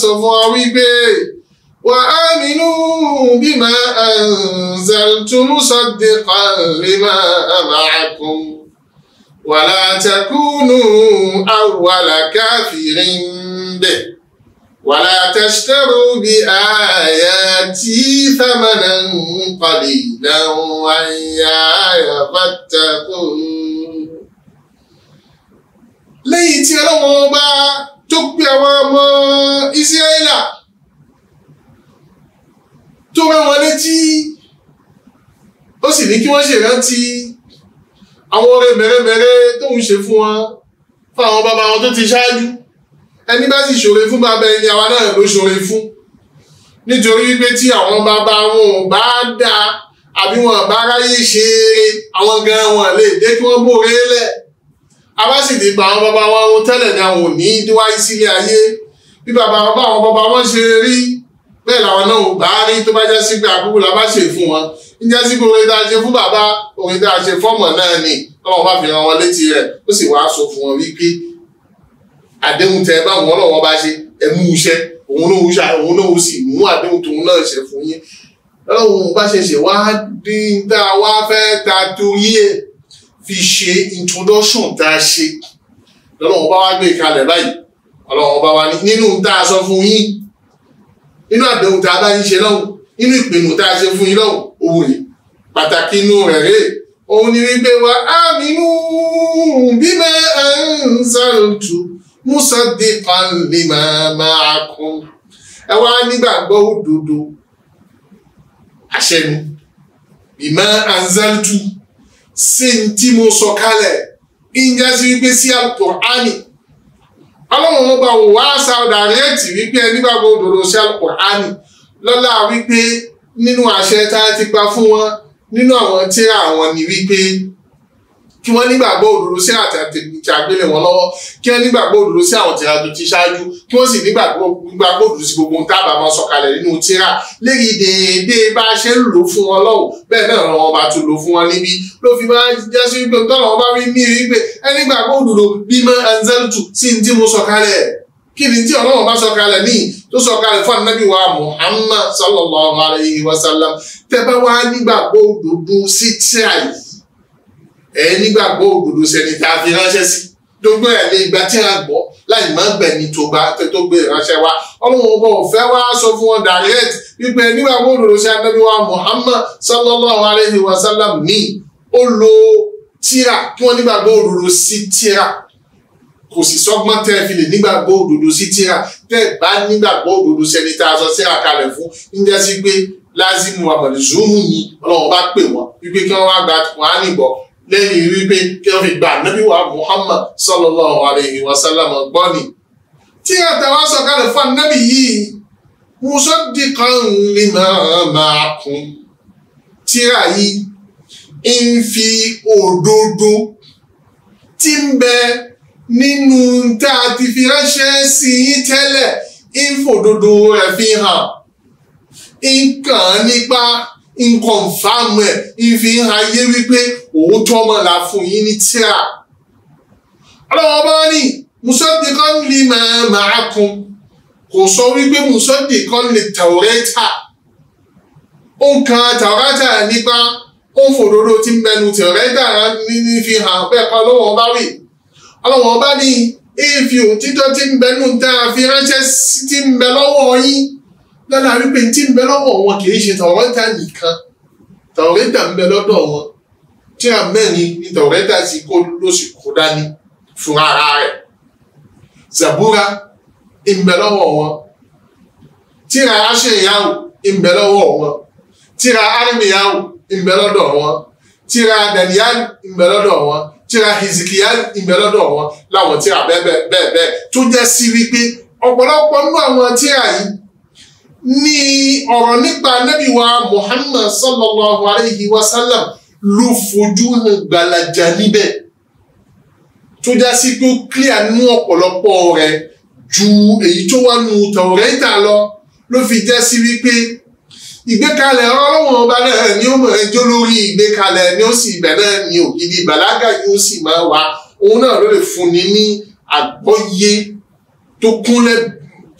fún wa wípé wàlá takunu awwala kafirin bẹ̀ wàlá tashtaru bi ayati thamanan qalilan wa iyaya fattaqun. lẹ́yìn tí ọlọ́wọ́n bá tó pé àwọn ọmọ Ísírẹ́là tó rán wọn létí ó sì ní kí wọ́n ṣèrántí àwọn oore mèremère tó ń ṣe fún wọn fún àwọn bàbá wọn tó ti ṣáájú ẹni bá sì ṣoore fún bàbá ẹni àwa náà ló ṣoore fún nítorí wípé tí àwọn bàbá wọn ò bá dáa àbí wọn bá ráyè ṣe àwọn gan wọn lè dé kí wọn bóore lẹ abá sì ti pa àwọn bàbá wọn ohun tẹ́lẹ̀ ni àwọn ò ní díwáyé sílé ayé bí bàbá wọn bá àwọn bàbá wọn ṣe rí bẹ́ẹ̀ làwọn náà ò bá rí tó bá jẹ́ sí pé àkókò làbá ṣe fún wọn ǹjẹ́ sí pé orin tá a ṣe fún bàbá orin tá a ṣe fọ́mọ̀ náà ni ọlọ́run bá fi rán wọn létí rẹ̀ ó sì wá sọ fún wọn wípé àdéhùn tẹ báwọn ọlọ́run bá ṣe ẹ mú iṣẹ́ òun ló wúṣà òun ló wù sí mú àdéhùn tóun náà ṣe fún yín ọlọ́run bá ṣe ṣe wá dín tá a wá fẹ́ ta torí ẹ̀ fi ṣe introduction tá a ṣe lọ́lọ́run bá wá gbé kalẹ̀ báyìí ọlọ́run bá wá ní nínú tá a sọ fún yín nínú àdéhùn tá a bá yín ṣe lọ́hùn nínú ìpinnu tá a ṣe fún yín lọ́hùn òwe pàtàkì inú rẹ̀ rèé òun ni wípé wa aminu bima anzaltu musaddiqan lima ma'akum ẹ wá nígbàgbọ́ òdodo àṣẹnu bima anzaltu sí tí mo sọ kalẹ̀ ìjẹ́ sí wípé sí Al-Qur'ani ọlọ́run wọn bá wò wá sáwọ́dà rẹ̀ tì wípé ẹni bá òdodo sí Al-Qur'ani lọ́la wípé nínú àṣẹ tá a ti pa fún wọn nínú àwọn tí àwọn ní wípé kí wọ́n nígbàgbọ́ òdodo sí àtẹ̀tẹ̀bí wọn lọ́wọ́ kí wọ́n nígbàgbọ́ òdodo sí àwọn tìra ti ṣáájú kí wọ́n sì nígbàgbọ́ òdodo sí gbogbo nǹkan àbá máa nínú tìra léyìí déédéé bá a ṣe ń lò fún wọn lọ́wọ́ bẹ́ẹ̀ náà lọ́wọ́ bá tún lò fún wọn níbí ló fi máa já sí wípé tọ́lọ̀ wọn bá rí mí rí pé ẹ nígbàgbọ́ òdodo bímọ anzeltu sí ní tí mo sọ̀kalẹ̀ kí ni tí ọlọ́run bá sọ̀kalẹ̀ níyì tó sọ̀kalẹ̀ fún anabi wa muhammad sallallahu alayhi wa sallam tẹ́bá wá nígbàgbọ́ òdodo sí tíra yìí ẹ̀ nígbàgbọ́ òdodo sẹ́ni tá a fi ránṣẹ́ sí gbogbo ẹ̀ lè gba tíra gbọ́ láì má gbẹ̀mí tó bá tó gbé ìránṣẹ́ wa ọlọ́run ọba ọ̀fẹ́ wa sọ fún wọn direct wípé nígbàgbọ́ òdodo sí anabi wa muhammad sallallahu alayhi wa sallam ní ó kí wọ́n nígbàgbọ́ òdodo sí tíra kò sì sọ́gbọ́n tẹ́ ẹ fi lè nígbàgbọ́ òdodo sí tíra tẹ́ ẹ bá nígbàgbọ́ òdodo sẹ́ni tá a sọ síra kalẹ̀ fún níjẹ́ sí pé lázìmù àmọ̀lẹ́zùmù ni ọlọ́run bá pè wọ́n wípé kí wọ́n wá gba kùránì bọ̀ lẹ́yìn wípé kí wọ́n fi gba ànábìwá Muhammad sallallahu alayhi wa sallam gbọ́ ni. tíra tàwa sọ kalẹ̀ fún ànábì yìí musaddiqan lima ma'akum tíra yìí ń fi òdodo tí ń bẹ nínú tá a ti fi ránṣẹ́ sí yín tẹ́lẹ̀ ìfòdodo rẹ̀ fi hàn nǹkan nípa nkọ̀nfàmù ẹ̀ ìfi hàn yé wípé òótọ́ mọ̀ la fún yín ní tíra. ọlọ́wọ́ bá ní musaddiqan lima ma'akum kò sọ wípé musaddiqan li tawrata nǹkan tawrata nípa òǹfòdodo ti mẹnu tawrata ní fi hàn bẹ́ẹ̀ kọ́ lọ́wọ́ bá wí ọlọ́wọ́n bá ní ìfi òtítọ́ tí ń bẹ nù tá a fi ránṣẹ́ tí ń bẹ lọ́wọ́ yín lọ́la wípé tí ń bẹ lọ́wọ́ wọn kì í ṣe tàwọ́rẹ́tà nìkan tàwọ́rẹ́tà ń bẹ lọ́dọ̀ wọn tí a mẹ́rin ní tàwọ́rẹ́tà sì kó ló sì kó dání fún ara rẹ̀ Zabura ń bẹ lọ́wọ́ wọn tíra aṣèyáwó ń bẹ lọ́wọ́ wọn tíra arìnrìnyáwó ń bẹ lọ́dọ̀ wọn tíra dàníyáwó ń bẹ lọ́dọ̀ wọn tíra Hezekiah ìbẹ lọ́dọ̀ wọn láwọn tíra bẹ́ẹ̀ bẹ́ẹ̀ bẹ́ẹ̀ tó jẹ́ sí wípé ọ̀pọ̀lọpọ̀ nínú àwọn tíra yìí ní ọ̀rọ̀ nípa nábì wa Muhammad sallallahu alayhi wa sallam ló fojú hàn gbalaja níbẹ̀ tó já sí pé ó clear nínú ọ̀pọ̀lọpọ̀ rẹ̀ ju èyí tó wà nù Taurata lọ ló fi já sí wípé ìgbékalẹ̀ ọlọ́run ọba náà ni ó mọ̀ ẹjọ́ lórí ìgbékalẹ̀ ni ó sì ibẹ̀ náà ni ògidì ìbàlágà yóò sì máa wá òun náà ló lè fúnni ní àgbọ́yé tó kúnlẹ̀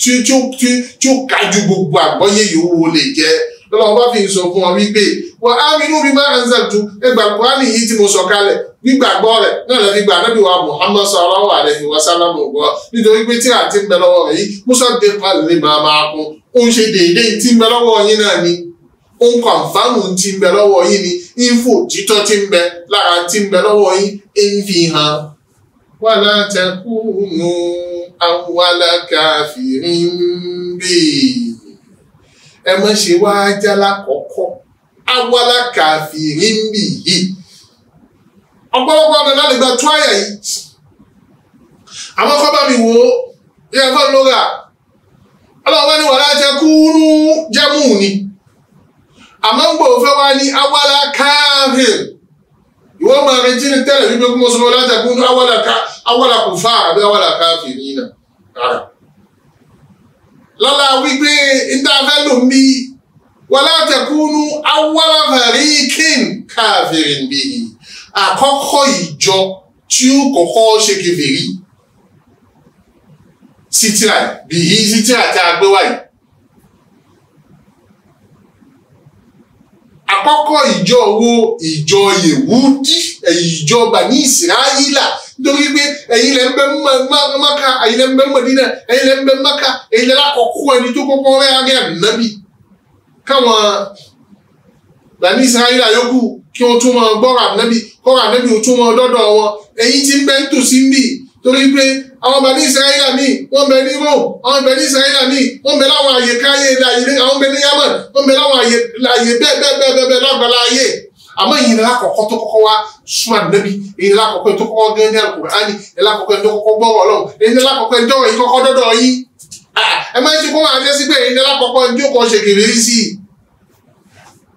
tí tí tí tí ó ka ju gbogbo àgbọ́yé yòówó lè jẹ́ lọ́wọ́ bá fi sọ fún ọ wípé wọ́n á mi inú mi máa ń zàtú ẹgbà kúránì yìí tí mo sọ kalẹ̀ gbígbàgbọ́ rẹ̀ náà lẹ́ni gba anábì wa Muhammad sallallahu alaihi wa sallam gbọ́ nítorí pé tí àti ń bẹ lọ́wọ́ rẹ̀ yìí musa dé palẹ̀ ní màmá kún ń ṣe déédé tí ń bẹ lọ́wọ́ yín náà ni ń kọ̀ǹfàmù tí ń bẹ lọ́wọ́ yín ni ń títọ́ tí ń bẹ lára tí ń bẹ lọ́wọ́ yín ń fi hàn. wàlá takunu awwala kafirin bi ẹ má ṣe wá jálá kọ̀ọ̀kọ́ awwala kafirin yìí ọ̀pọ̀lọpọ̀ ọ̀nà lálẹ́ gba tó àyà yìí àwọn bá mi wò ó yẹ ọlọ́wọ́ ní láti kúrú jẹ́mù ni àmọ́ ń gbò fẹ́ wá ní awala káàfin ìwọ́n máa retí ní tẹ́lẹ̀ wípé kí mọ́sọ́lọ́ láti kúrú awala kò fà àbí awala káàfin ní ìnà rárá lọ́la wípé ìtafẹ́ ló ń láti kúrú awala fàríkìn káàfin bí àkọ́kọ́ ìjọ tí ó kọ́kọ́ ṣe kẹfẹ́ rí sítírà bí i sítírà tá a gbé wáyé. àkọ́kọ́ ìjọ wo ìjọ yehudi ìjọ bani israẹla nítorí pé ẹ̀yin lẹ́ ń bẹ maka ẹ̀yin lẹ́ ń bẹ mọ̀dínà ẹ̀yin lẹ́ ń bẹ maka ẹ̀yin lẹ́ lákọ̀ọ́kọ́ ẹni tó kọ́kọ́ rẹ́ arẹ́ ànábì káwọn bani israẹla yòókù kí wọ́n tún máa gbọ́rọ̀ ànábì kọ́rọ̀ ànábì ó tún máa dọ́dọ̀ wọn ẹ̀yin tí ń bẹ ń tòsí ń bì í torí pé àwọn ọmọ ní israẹlà míì wọ́n bẹ ní rome àwọn ọmọ ní israẹlà míì wọ́n bẹ láwọn àyè káyé láyé ní àwọn ọmọ ní yamọ wọ́n bẹ láwọn àyè láyé bẹ́ẹ̀ bẹ́ẹ̀ bẹ́ẹ̀ bẹ́ẹ̀ bẹ́ẹ̀ lágbàlá ayé àmọ́ ìyìn ńlá kọ̀kọ́ tó kọ́kọ́ wá sún ànábì ìyìn ńlá kọ̀kọ́ tó kọ́kọ́ gẹ́gẹ́ ní Al-Kùránì ìyìn ńlá kọ̀kọ́ tó kọ́kọ́ gbọ́rọ̀ lọ ìyìn ńlá kọ̀kọ́ ẹjọ́ yìí kọ́kọ́ dọ́dọ̀ yìí ah, ẹ máa ń ṣe kó máa jẹ́ sí pé ìyìn ńlá kọ̀kọ́ ẹjọ́ kan ṣe kèrè sí i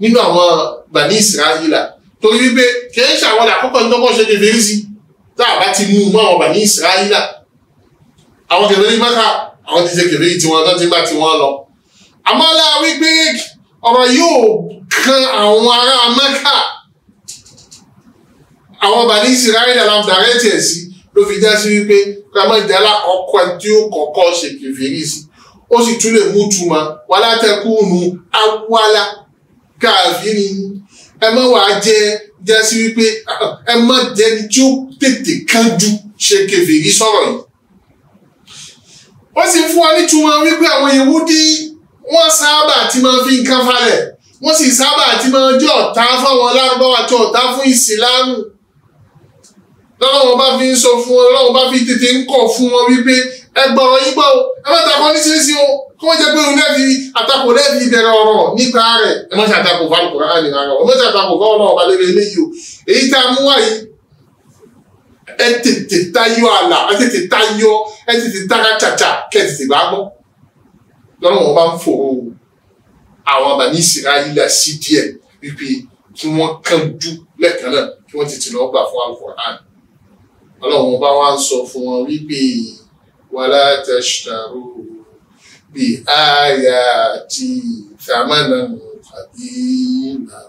nínú àwọn Bani Israila torí wípé kì í ṣàwọn àkọ́kọ́ ẹjọ́ kan ṣe kèrè sí i tá a bá ti mú mọ́ àwọn bàní ìsirayílà àwọn kẹfẹ́ ní mẹ́ka àwọn ti ṣe kẹfẹ́ yìí tiwọn tó ti gbà tiwọn lọ. àmọ́ láàrin pé ọ̀rọ̀ yóò kan àwọn ará mẹ́ka àwọn bàní ìsirayílà làm dàrẹ́tì ẹ̀ sí ló fi já sí wípé kàmá ìdálá ọkọ̀ tí ó kọ̀ọ̀kọ̀ ṣe kẹfẹ́ yìí sí ó sì tún lè mú túmọ̀ wàlá tẹkùnù káàfin ẹ mọ́ wàá jẹ́ já sí wípé ẹ má jẹni tí ó tètè kánjú ṣe kèfèrí sọ̀rọ̀ yìí. ó sì fún wa nítumọ̀ wípé àwọn Yẹhudi wọ́n sábà ti máa fi nǹkan falẹ̀ wọ́n sì sábà ti máa jẹ́ ọ̀tá fáwọn lárúbáwá àti ọ̀tá fún ìsìlámù lọ́wọ́ bá fi ń sọ fún wọn lọ́wọ́ bá fi tètè ń kọ̀ fún wọn wípé ẹ gbọ́rọ̀ yín gbọ́ ẹ má ta kọ́ nísinsìnyí o kó jẹ́ pé òun lẹ́bi àtakò lẹ́bi ìbẹ̀rẹ̀ ọ̀rọ̀ nípa rẹ̀ ẹ má ṣe àtakò fún alùpùpù rárá nìyà rẹ̀ ọ má ṣe àtakò fún ọlọ́run ọba lẹ́bi eléyìí o èyí tá a mú wáyé ẹ tètè tayọ àlà ẹ tètè tayọ ẹ tètè tára tsàtsà kẹ tètè bá gbọ́ lọ́nà wọn bá ń fòrò àwọn àbàní ìsìnrá yìí la sí díẹ̀ wípé kí wọ́n kàn dú lẹ́ẹ̀kan náà kí wọ́n tètè lọ gbà fún alùpùpù rárá ọlọ́run ọba wa ń sọ fún wọn wípé wàlá tẹ̀sítàrú بآياتي ثمنا قليلا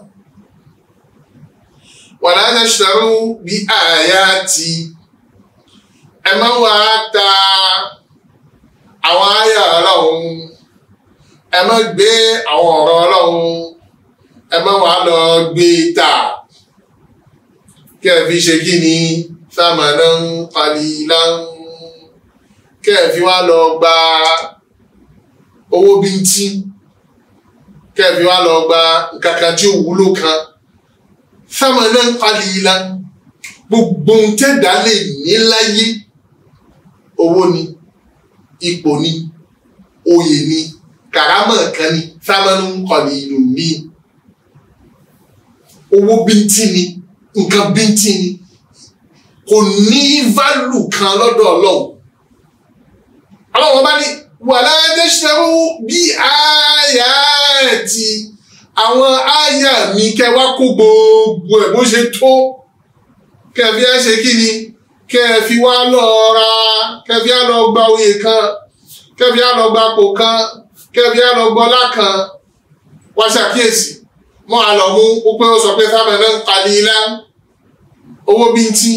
ولا تشتروا بآياتي ẹ má wá ta àwọn àyà ọlọ́run ẹ má gbé àwọn ọ̀rọ̀ ọlọ́run ẹ má wá lọ gbé ta kẹ́ ẹ fi ṣe kí ni samanan qalilan kẹ́ ẹ fi wá lọ gba owó bíntín kẹfì wa lọ gba kankan tí ò wúlò kan sáma náà pali la gbogbo ohun tẹ́dá lè ní láyé owó ni ipò ni oyè ni kàrámọ̀ kan ni sáma ń kọ̀lì ìlú mi owó bíntín ni nǹkan bíntín ni kò ní válù kan lọ́dọ̀ ọlọ́run ọlọ́run bá ní wàlá tẹ́sítẹ́rù bí àyà ti àwọn àyà mi kẹwàá kó gbogbo ẹ̀ bó ṣe tó kẹfí ẹ ṣe kí ni kẹfí wá lọ ra kẹfí á lọ gba oyè kan kẹfí á lọ gba àpò kan kẹfí á lọ gbọ́lá kan wá ṣàkíyèsí mọ́ àlọ́ mú pípẹ́ ó sọ pé fáwọn ẹ̀ náà ń palí ilá owó bíi ti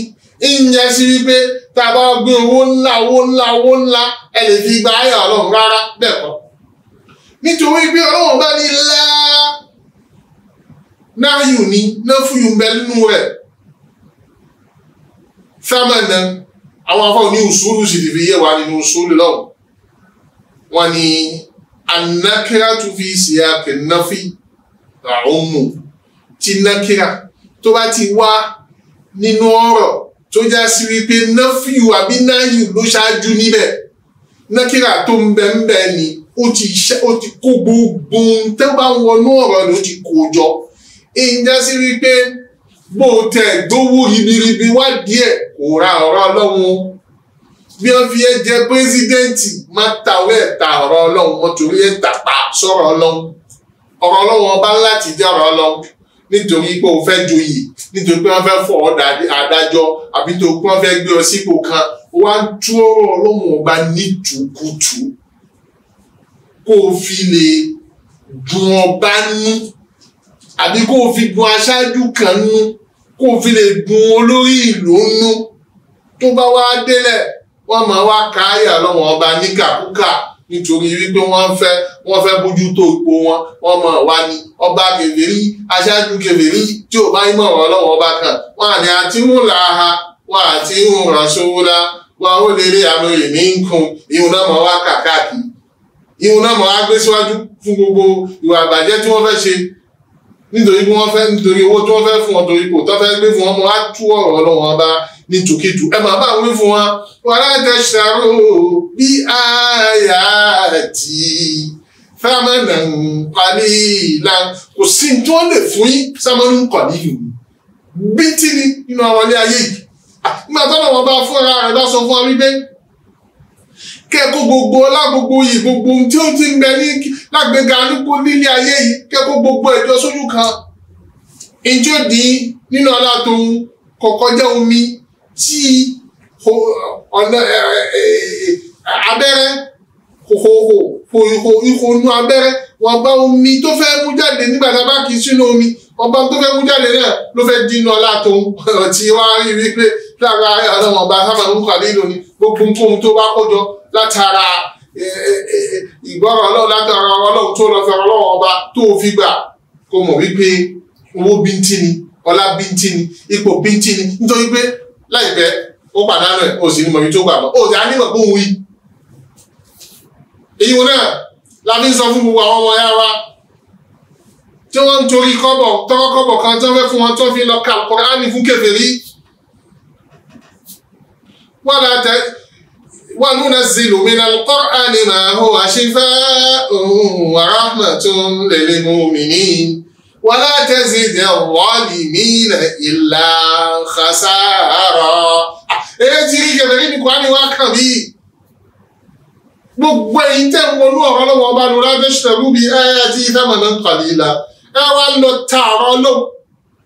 ń yẹ sí wípé tá a bá gbé owó ńlá owó ńlá owó ńlá ẹ lè fi gba ayọ̀ ọlọ́run rárá bẹ́ẹ̀ kọ́ nítorí pé ọlọ́run bá ní lá náàyù ni náà fún yùn bẹ nínú rẹ̀ sámẹ́nà àwọn afọ́ ní usulu sì lè fi yé wa nínú usulu lọ́wọ́ wọn ni anákírà tún fi ṣe àkẹ́nàfí àwọn mú tí nákírà tó bá ti wá nínú ọ̀rọ̀ tó já sí wípé náfíù àbí náyù ló ṣáájú níbẹ̀ nákírà tó ń bẹ ń bẹ ni ó ti kó gbogbo tó bá wọnú ọ̀rọ̀ ni ó ti kó jọ ìjà sí wípé bó tẹ̀ gbówó ribiribi wá díẹ̀ kò ra ọ̀rọ̀ ọlọ́run bí wọ́n fi jẹ pírẹsidẹ́ǹtì máa tàwé ẹ̀ta ọ̀rọ̀ ọlọ́run wọ́n ẹ̀ tàpá sọ̀rọ̀ ọlọ́run ọ̀rọ̀ ọlọ́run ọba ńlá ti jẹ́ ọ̀rọ̀ ọlọ́run nítorí pé o fẹ́ joyè nítorí pé wọ́n fẹ́ fọ ọ́ adájọ́ àbí tó pé wọ́n fẹ́ gbé ọ sípò kan ó wá tú ọ̀rọ̀ ọlọ́run ọba nítukùtù kó o fi lè dùn ọba nú àbí kó o fi dùn aṣáájú kan nú kó o fi lè dùn olórí ìlú nú tó bá wá délẹ̀ wọ́n máa wá káyà ọlọ́run ọba níkàkúkà nítorí wípé wọ́n fẹ́ wọ́n fẹ́ bójú tó ipò wọn wọ́n mọ̀ wá ní ọba kèfèrí aṣáájú kèfèrí tí ò bá ń mọ̀ wọ́n lọ́wọ́ ọba kan wọ́n àní àti ń là á wọ́n àti ń ràṣọ́wọ́lá wọ́n ó lè rí àmì ìní ń kun ìhun náà mọ̀ wá kàkàkì ìhun náà mọ̀ wá fún gbogbo ìwà àbàjẹ́ tí wọ́n fẹ́ ṣe nítorí wọ́n fẹ́ nítorí owó tí wọ́n fẹ́ fún ọ ní tòkìtù ẹ màá bá wí fún wa wàlá tẹsàrò bí àyà àti fámánà pálí ìlà kò sí tí wọn lè fún yín sámánú kọlí yìí bíntín ni nínú àwọn ilé ayé yìí nígbà táwọn ọmọ bá fún ara rẹ bá sọ fún wa wípé kẹ́kọ̀ọ́ gbogbo ọlá gbogbo yìí gbogbo ohun tí ó ti ń bẹ ní lágbèéga nípò nílé ayé yìí kẹ́kọ̀ọ́ gbogbo ẹ̀jọ́ sójú kan ìjọ́ dín nínú ọlá tòun kọ̀ọ̀kan omi tí ọ̀nà abẹ́rẹ́ kòkòkò kòkò ikò inú abẹ́rẹ́ wọ́n bá omi tó fẹ́ mú jáde nígbà tá a bá kì í sínú omi wọ́n bá tó fẹ́ mú jáde náà ló fẹ́ dínú ọlá tó ń tí wọ́n á rí wípé lára ọ̀nà wọn bá sábà ń kàlí lónìí gbogbo nǹkan tó bá kójọ látara ìgbọ́ràn ọlọ́run látara ọlọ́run tó lọ fẹ́ràn ọlọ́run ọba tó fi gbà kó mọ̀ wípé owó bíntín ni ọlá bíntín ni ipò bíntín ni nítorí pé láìpẹ́ ó pàdánù ẹ̀ ó sì ní mọ̀bí tó gbà mọ́ ó sì á nímọ̀ bóun wí. èyí wọn náà la fi ń sọ fún gbogbo àwọn ọmọ ya wa tí wọ́n ń torí kọ́bọ̀ tọ́kọ́ kọ́bọ̀ kan tó fẹ́ fún wọn tó fi lọ ka Kùránì fún kèfèrí. wọ́n la tẹ wa nunazzilu minal Qur'ani ma huwa shifa'un wa rahmatun lil mu'minin. ولا تزيد ìdẹ̀ wọ́ọ̀lì mílẹ̀ ìlà kàṣàárọ̀. eré tí rí kẹfẹ́ nínú kwani wá kàn mí. gbogbo ẹ̀yin tẹ̀ ń wọnú ọ̀rọ̀ lọ́wọ́ ọba nura bẹ́sùtẹ̀rù bíi ẹ̀ ẹ́ ti dámọ̀nà kàlílà ẹ wá lọ tààrọ̀ lóhùn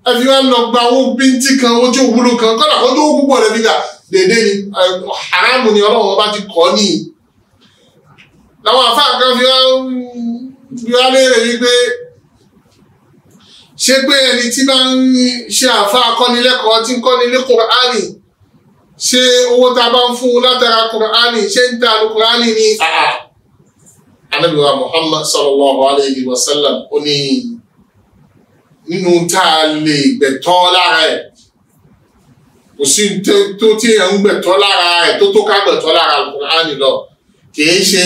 ẹ fi wá lọ gba owó bíntín kan ojú òwúlò kan kọ́dà kó tó púpọ̀ rẹ̀ nígbà dédé ni haramu ni ọlọ́run ọba ti kọ́ nìyí. làwọn afáàkan fi wá léèrè wípé ṣé pé ẹni tí bá ń ṣe àfa akọ́nilẹ́kọ̀ọ́ tí ń kọ́ni ní kùránì ṣé owó tá a bá ń fún un látara kùránì ṣé ń ta kùránì ní anábìwá Muhammad sallallahu alayhi wa sallam ó ní nínú tá a lè gbẹ̀tọ́ lára ẹ̀ kò sí tó tí èèyàn ń gbẹ̀tọ́ lára ẹ̀ tó tó ká gbẹ̀tọ́ lára kùránì lọ kì ṣe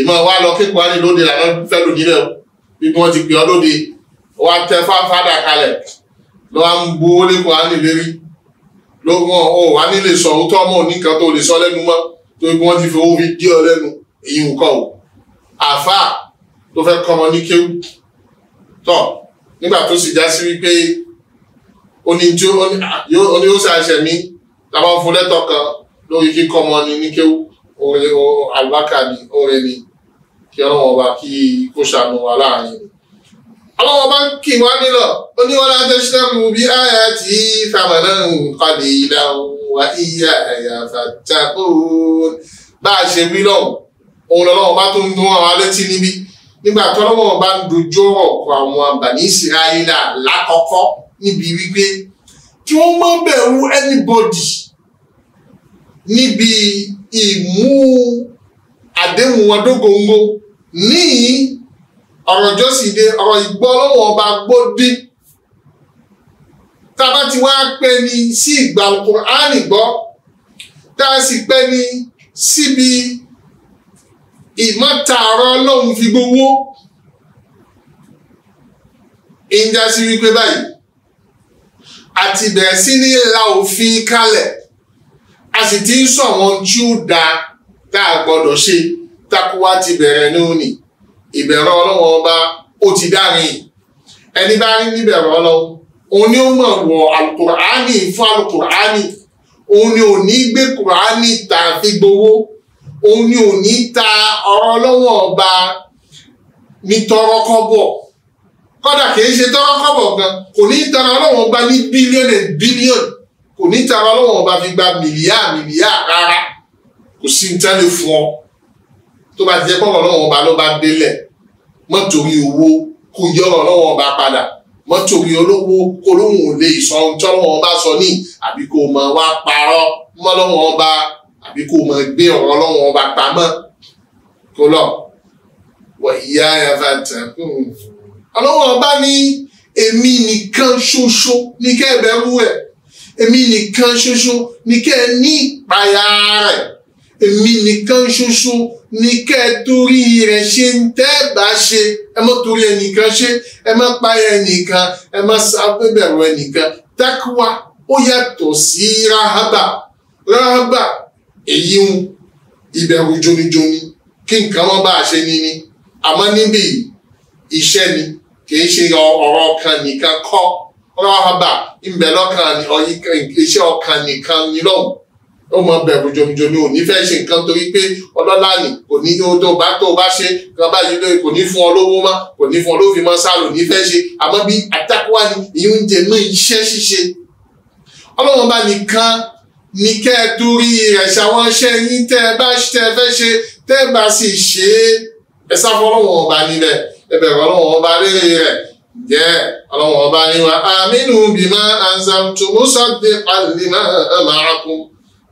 ìmọ̀ wa lọ kí kùránì lóde làwọn fẹ́ lòdì rẹ̀ bí wọ́n ti pè ọ́ lóde wa wá tẹ fáfádà kalẹ̀ ló wá ń bu owó lẹ́kọ̀ọ́ á lè lérí ló wọn ò wá nílé sọ òótọ́ mọ̀ nìkan tó lè sọ lẹ́nu mọ́ tó bí wọ́n ti fi owó fi dí ọ lẹ́nu èyí nǹkan o àfa tó fẹ́ kọ́mọ ní kéwù tọ̀ nígbà tó sì já sí wípé oní tí oní ó ṣàṣẹ mí làwọn fún lẹ́tọ̀ kan lórí kíkọ́ ọmọ ni ní kéwù àlùbákà ni oore ni kí ọlọ́wọ́n ọba kí kó ṣàánú wa láàrin ọlọ́wọ́ bá ń kì wọ́n nílọ̀ ó ní wọ́n láti ṣe mú bí àyà tí fàmọ́nà nǹkan lè yíra wà ìyá ẹ̀yà fàtàkùn bá a ṣe wí lọ́wọ́ òun lọ́wọ́ bá tó ń dún àwọn alétí níbí nígbà tọ́lọ́wọ́ bá ń dojú ọ̀rọ̀ àwọn àbàní ìsirayílà lákọ́kọ́ níbi wípé kí wọ́n má bẹ̀rù anybody níbi ìmú àdéhùn ọdógóńgó níyìn ọ̀rọ̀ jọ́sìdé ọ̀rọ̀ ìgbọ́ ọlọ́wọ́ ọba gbódí tá a bá ti wá pè ní sí ìgbà Kùránì gbọ́ tá a sì pè ní síbi ìmọ̀tààrọ̀ ọlọ́run fi gbowó ìjà sí wípé báyìí àti bẹ̀rẹ̀ sí ní la òfin kalẹ̀ a sì ti ń sọ wọn dáa tá a gbọ́dọ̀ ṣe takuwa ti bẹ̀rẹ̀ ní òní ìbẹ̀rù ọlọ́wọ́ ọba ó ti dárin ẹni bá rí níbẹ̀rù ọlọ́wọ́ òun ni ó mọ̀ wọ alukur'ani fún alukur'ani òun ni ò ní gbé kur'ani tà fi gbowó òun ni ò ní ta ọ̀rọ̀ ọlọ́wọ́ ọba ní tọrọkọ́bọ̀ kọ́dà kìí ṣe tọrọkọ́bọ̀ gan kò ní tara ọlọ́wọ́ ọba ní bílíọ̀nù bílíọ̀nù kò ní tara ọlọ́wọ́ ọba fi gba mílíà mílíà rárá kò sí ní tẹ́lẹ̀ fún ọ tó bá jẹ́ pọ̀rọ̀ náà ọba ló bá délẹ̀ mọ́ torí owó kò yọ̀rọ̀ náà ọba padà mọ́ torí olówó kó lóun ò lè sọ ohun tí ọlọ́wọ́n bá sọ ní àbí kó mọ wá parọ́ mọ́ lọ́wọ́n ọba àbí kó mọ gbé ọ̀rọ̀ ọlọ́wọ́n ọba pamọ́ kó lọ wọ ẹ̀fà tẹ̀kùn ọlọ́wọ́n ọba ní èmi nìkan ṣoṣo ní kẹ́ ẹ̀bẹ̀ wú ẹ̀ èmi nìkan ṣoṣo ní kẹ́ ẹ ní ìpayà rẹ̀ èmi nìkan ṣoṣo ní kẹ́ ẹ torí rẹ̀ ṣe ń tẹ́ ẹ bá ṣe ẹ má torí ẹnìkan ṣe ẹ má páyà ẹnìkan ẹ má sábẹ́bẹ̀rù ẹnìkan tákùwá ó yàtọ̀ sí ráhábà ráhábà èyí ń ìbẹ̀rù jonijoni kí nǹkan wọn bá a ṣe ní ni àmọ́ níbi iṣẹ́ ni kì ṣe ọ̀rọ̀ kan nìkan kọ́ ráhábà ń bẹ ọkàn nìkan ni lọ́hùn ó mọ bẹ̀rù jomijomi ò ní fẹ́ ṣe nǹkan torí pé ọlọ́lá ni kò ní ohun tó bá tó bá ṣe kan báyìí lóye kò ní fún ọ lówó mọ́ kò ní fún ọ lófin mọ́ sáà lò ní fẹ́ ṣe àmọ́ bí àtàkùwá ni ìyún jẹ mọ́ iṣẹ́ ṣíṣe ọlọ́run bá nìkan ní kẹ́ ẹ torí rẹ̀ ṣàwọn iṣẹ́ yín tẹ́ ẹ bá tẹ́ ẹ fẹ́ ṣe tẹ́ ẹ bá sì ṣe é ẹ sá fún ọlọ́run ọba nílẹ̀ ẹ bẹ̀rù ọlọ́run ọba rẹ̀ jẹ́ ọlọ́run ọba ni wa aminu bima anzamtum musaddiqan lima ma'akum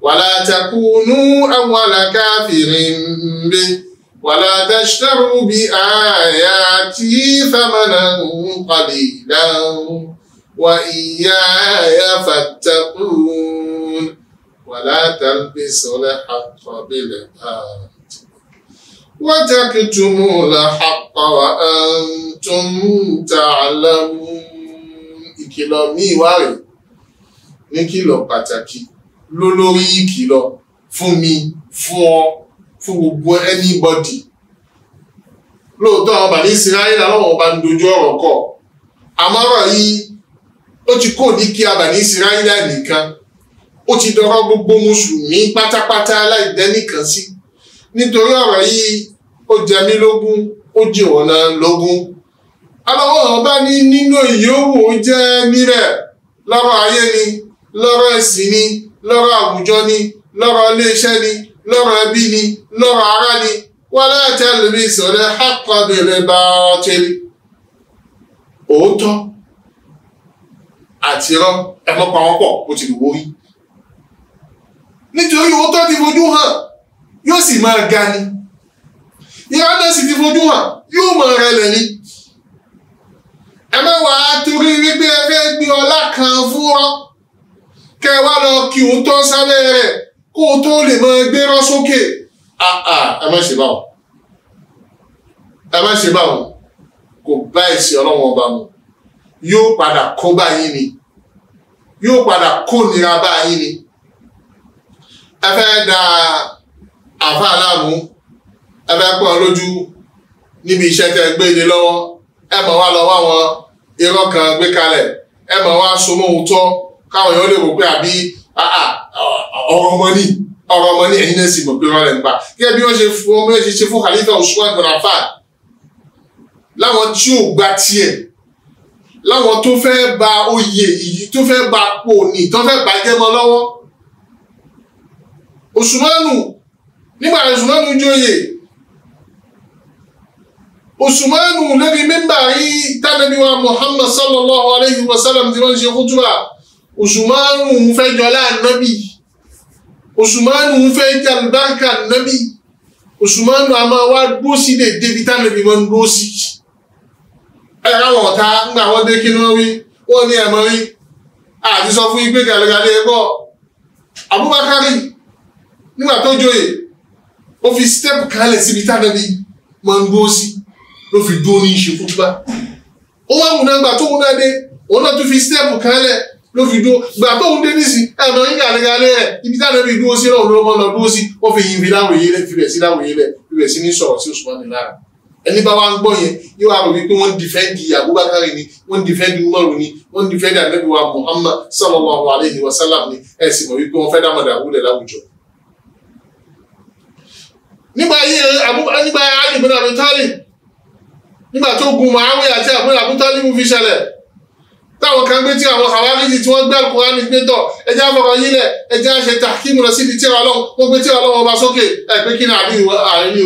wàlá takùnú awwala káfìrín bi wàlá tashtaru bi ayati thamanan qalilan wa iyaya fattaqun wàlá talbisul haqqa bil batil wa taktumul haqqa wa antum ta'lamun ìkìlọ̀ ní kìlọ̀ pàtàkì lólórí ìkìlọ̀ fún mi fún ọ fún gbogbo anybody lóòótọ́ àwọn bàní Ísírẹ́lì làwọn ọba ń dojú ọ̀rọ̀ kọ àmọ́rọ̀ yìí ó ti kó ní kí abàní Ísírẹ́lì nìkan ó ti dọ̀rọ̀ gbogbo mùsùlùmí pátápátá aláìdẹ́nìkan sí nítorí ọ̀rọ̀ yìí ó jẹ mí lógún ó jẹ wọn náà lógún aláwọ̀ ọba ní nínú ìyówù jẹ́ nílẹ̀ lọ́rọ̀ ayé ni lọ́rọ̀ ẹ̀sìn ni lọ́rọ̀ àwùjọ ni lọ́rọ̀ iléeṣẹ́ ni lọ́rọ̀ ẹbí ni lọ́rọ̀ ará ni wala talbisu al-haqqa bil-batil òótọ́ àti irọ́ ẹ mọ́ bó ti wò rí nítorí òótọ́ ti fojú hàn yóò sì máa ga ni irọ́ sì ti fojú hàn yóò máa rẹlẹ̀ ni ẹ torí wípé ẹ gbé ọlá kan fún ọ kẹ wá lọ kí òun tọ́ sábẹ́ rẹ̀ kó o tó lè máa gbérọ́ sókè ah, ah, ẹ má ṣe báwọn ẹ má ṣe báwọn kò bá ìsìn ọlọ́wọ́n ọba mu yóò padà kó bá ni yóò padà kó nira bá yín ni ẹ fẹ́ da àfa aláàmú ẹ fẹ́ pọ̀ lójú níbi iṣẹ́ tẹ́ gbé ní lọ́wọ́ ẹ mọ̀ wá lọ́wọ́ àwọn irọ́ kan gbé kalẹ̀ ẹ mọ̀ wá so òótọ́ káwọn èèyàn lè wò pé àbí ọ̀rọ̀ ọmọ ní ọ̀rọ̀ ọmọ ní ẹ̀yin náà sì mọ̀ pé wọ́n rẹ̀ ń gbà gẹ́gẹ́ bí wọ́n ṣe fún ọmọ yẹn ṣe ṣe fún Khalifa Usman bin Affan láwọn tí ò gba tiẹ̀ láwọn tó fẹ́ ba oyè ìyí tó fẹ́ ba pò ní tó fẹ́ bàjẹ́ mọ́ lọ́wọ́ Usmanu nígbà tí jóye Usmanu lórí mímbà yìí tánàbí wa Muhammad sallallahu alayhi wa sallam tí wọ́n ṣe kútúbà oṣù márùn-ún fẹ́ jọlá ànábì oṣù márùn-ún fẹ́ jàlùbáǹkà ànábì oṣù márùn-ún a máa wá dúró sí lè débi táwọn ẹbí máa ń dúró sí. ẹ̀rọ àwọn ọ̀tá ńgbà wọ́n dé kí ni wọ́n wí wọ́n ní ẹ̀mọ́ rí àti sọ fún yín pé gàlẹ́gàlẹ́ ẹ̀ bọ̀ Abubakar nígbà tó joyè ó fi step kalẹ̀ síbi táwọn ẹbí máa ń dúró sí ló fi dúró ní ìṣe fúnpá ó wá múnagbà tó múnadé òun náà tún fi step kalẹ̀ ló fi dúró gbà tóun dé nísì ẹ̀nà yín gàlẹ́gàlẹ́ ẹ̀ ibi táwọn ẹbí dúró sí náà ló mọ́ lọ dúró sí ó fi yin fi láwọn èyí rẹ̀ fi rẹ̀ sí láwọn èyí rẹ̀ fi rẹ̀ sí ní sọ̀rọ̀ sí Usman ní lára ẹni bá wa ń gbọ́ yẹn yóò wá rò wípé wọ́n ń dìfẹ́ǹdì Abubakar ni wọ́n ń dìfẹ́ǹdì Umar ni wọ́n ń dìfẹ́ǹdì Ànábì wa Muhammad sallallahu alayhi wa sallam ni ẹ̀ sì mọ̀ wípé wọ́n fẹ́ dámọ̀dà àwùjọ láwùjọ nígbà ayé abúgbà nígbà ayé Ali ibn Abi Talib nígbà tó gun Muawiya àti àbúrò Abu Talib fi ṣẹlẹ̀ táwọn kan gbé tí àwọn àwáríjì tí wọ́n gbé Al-Qur'ani gbé tọ̀ ẹjẹ́ àfọ̀rọ̀ yílẹ̀ ẹjẹ́ àṣẹ tàkímù lọ síbi tí ọlọ́run wọ́n gbé tí ọlọ́run ọba sókè ẹ pé kí ni àríwí ni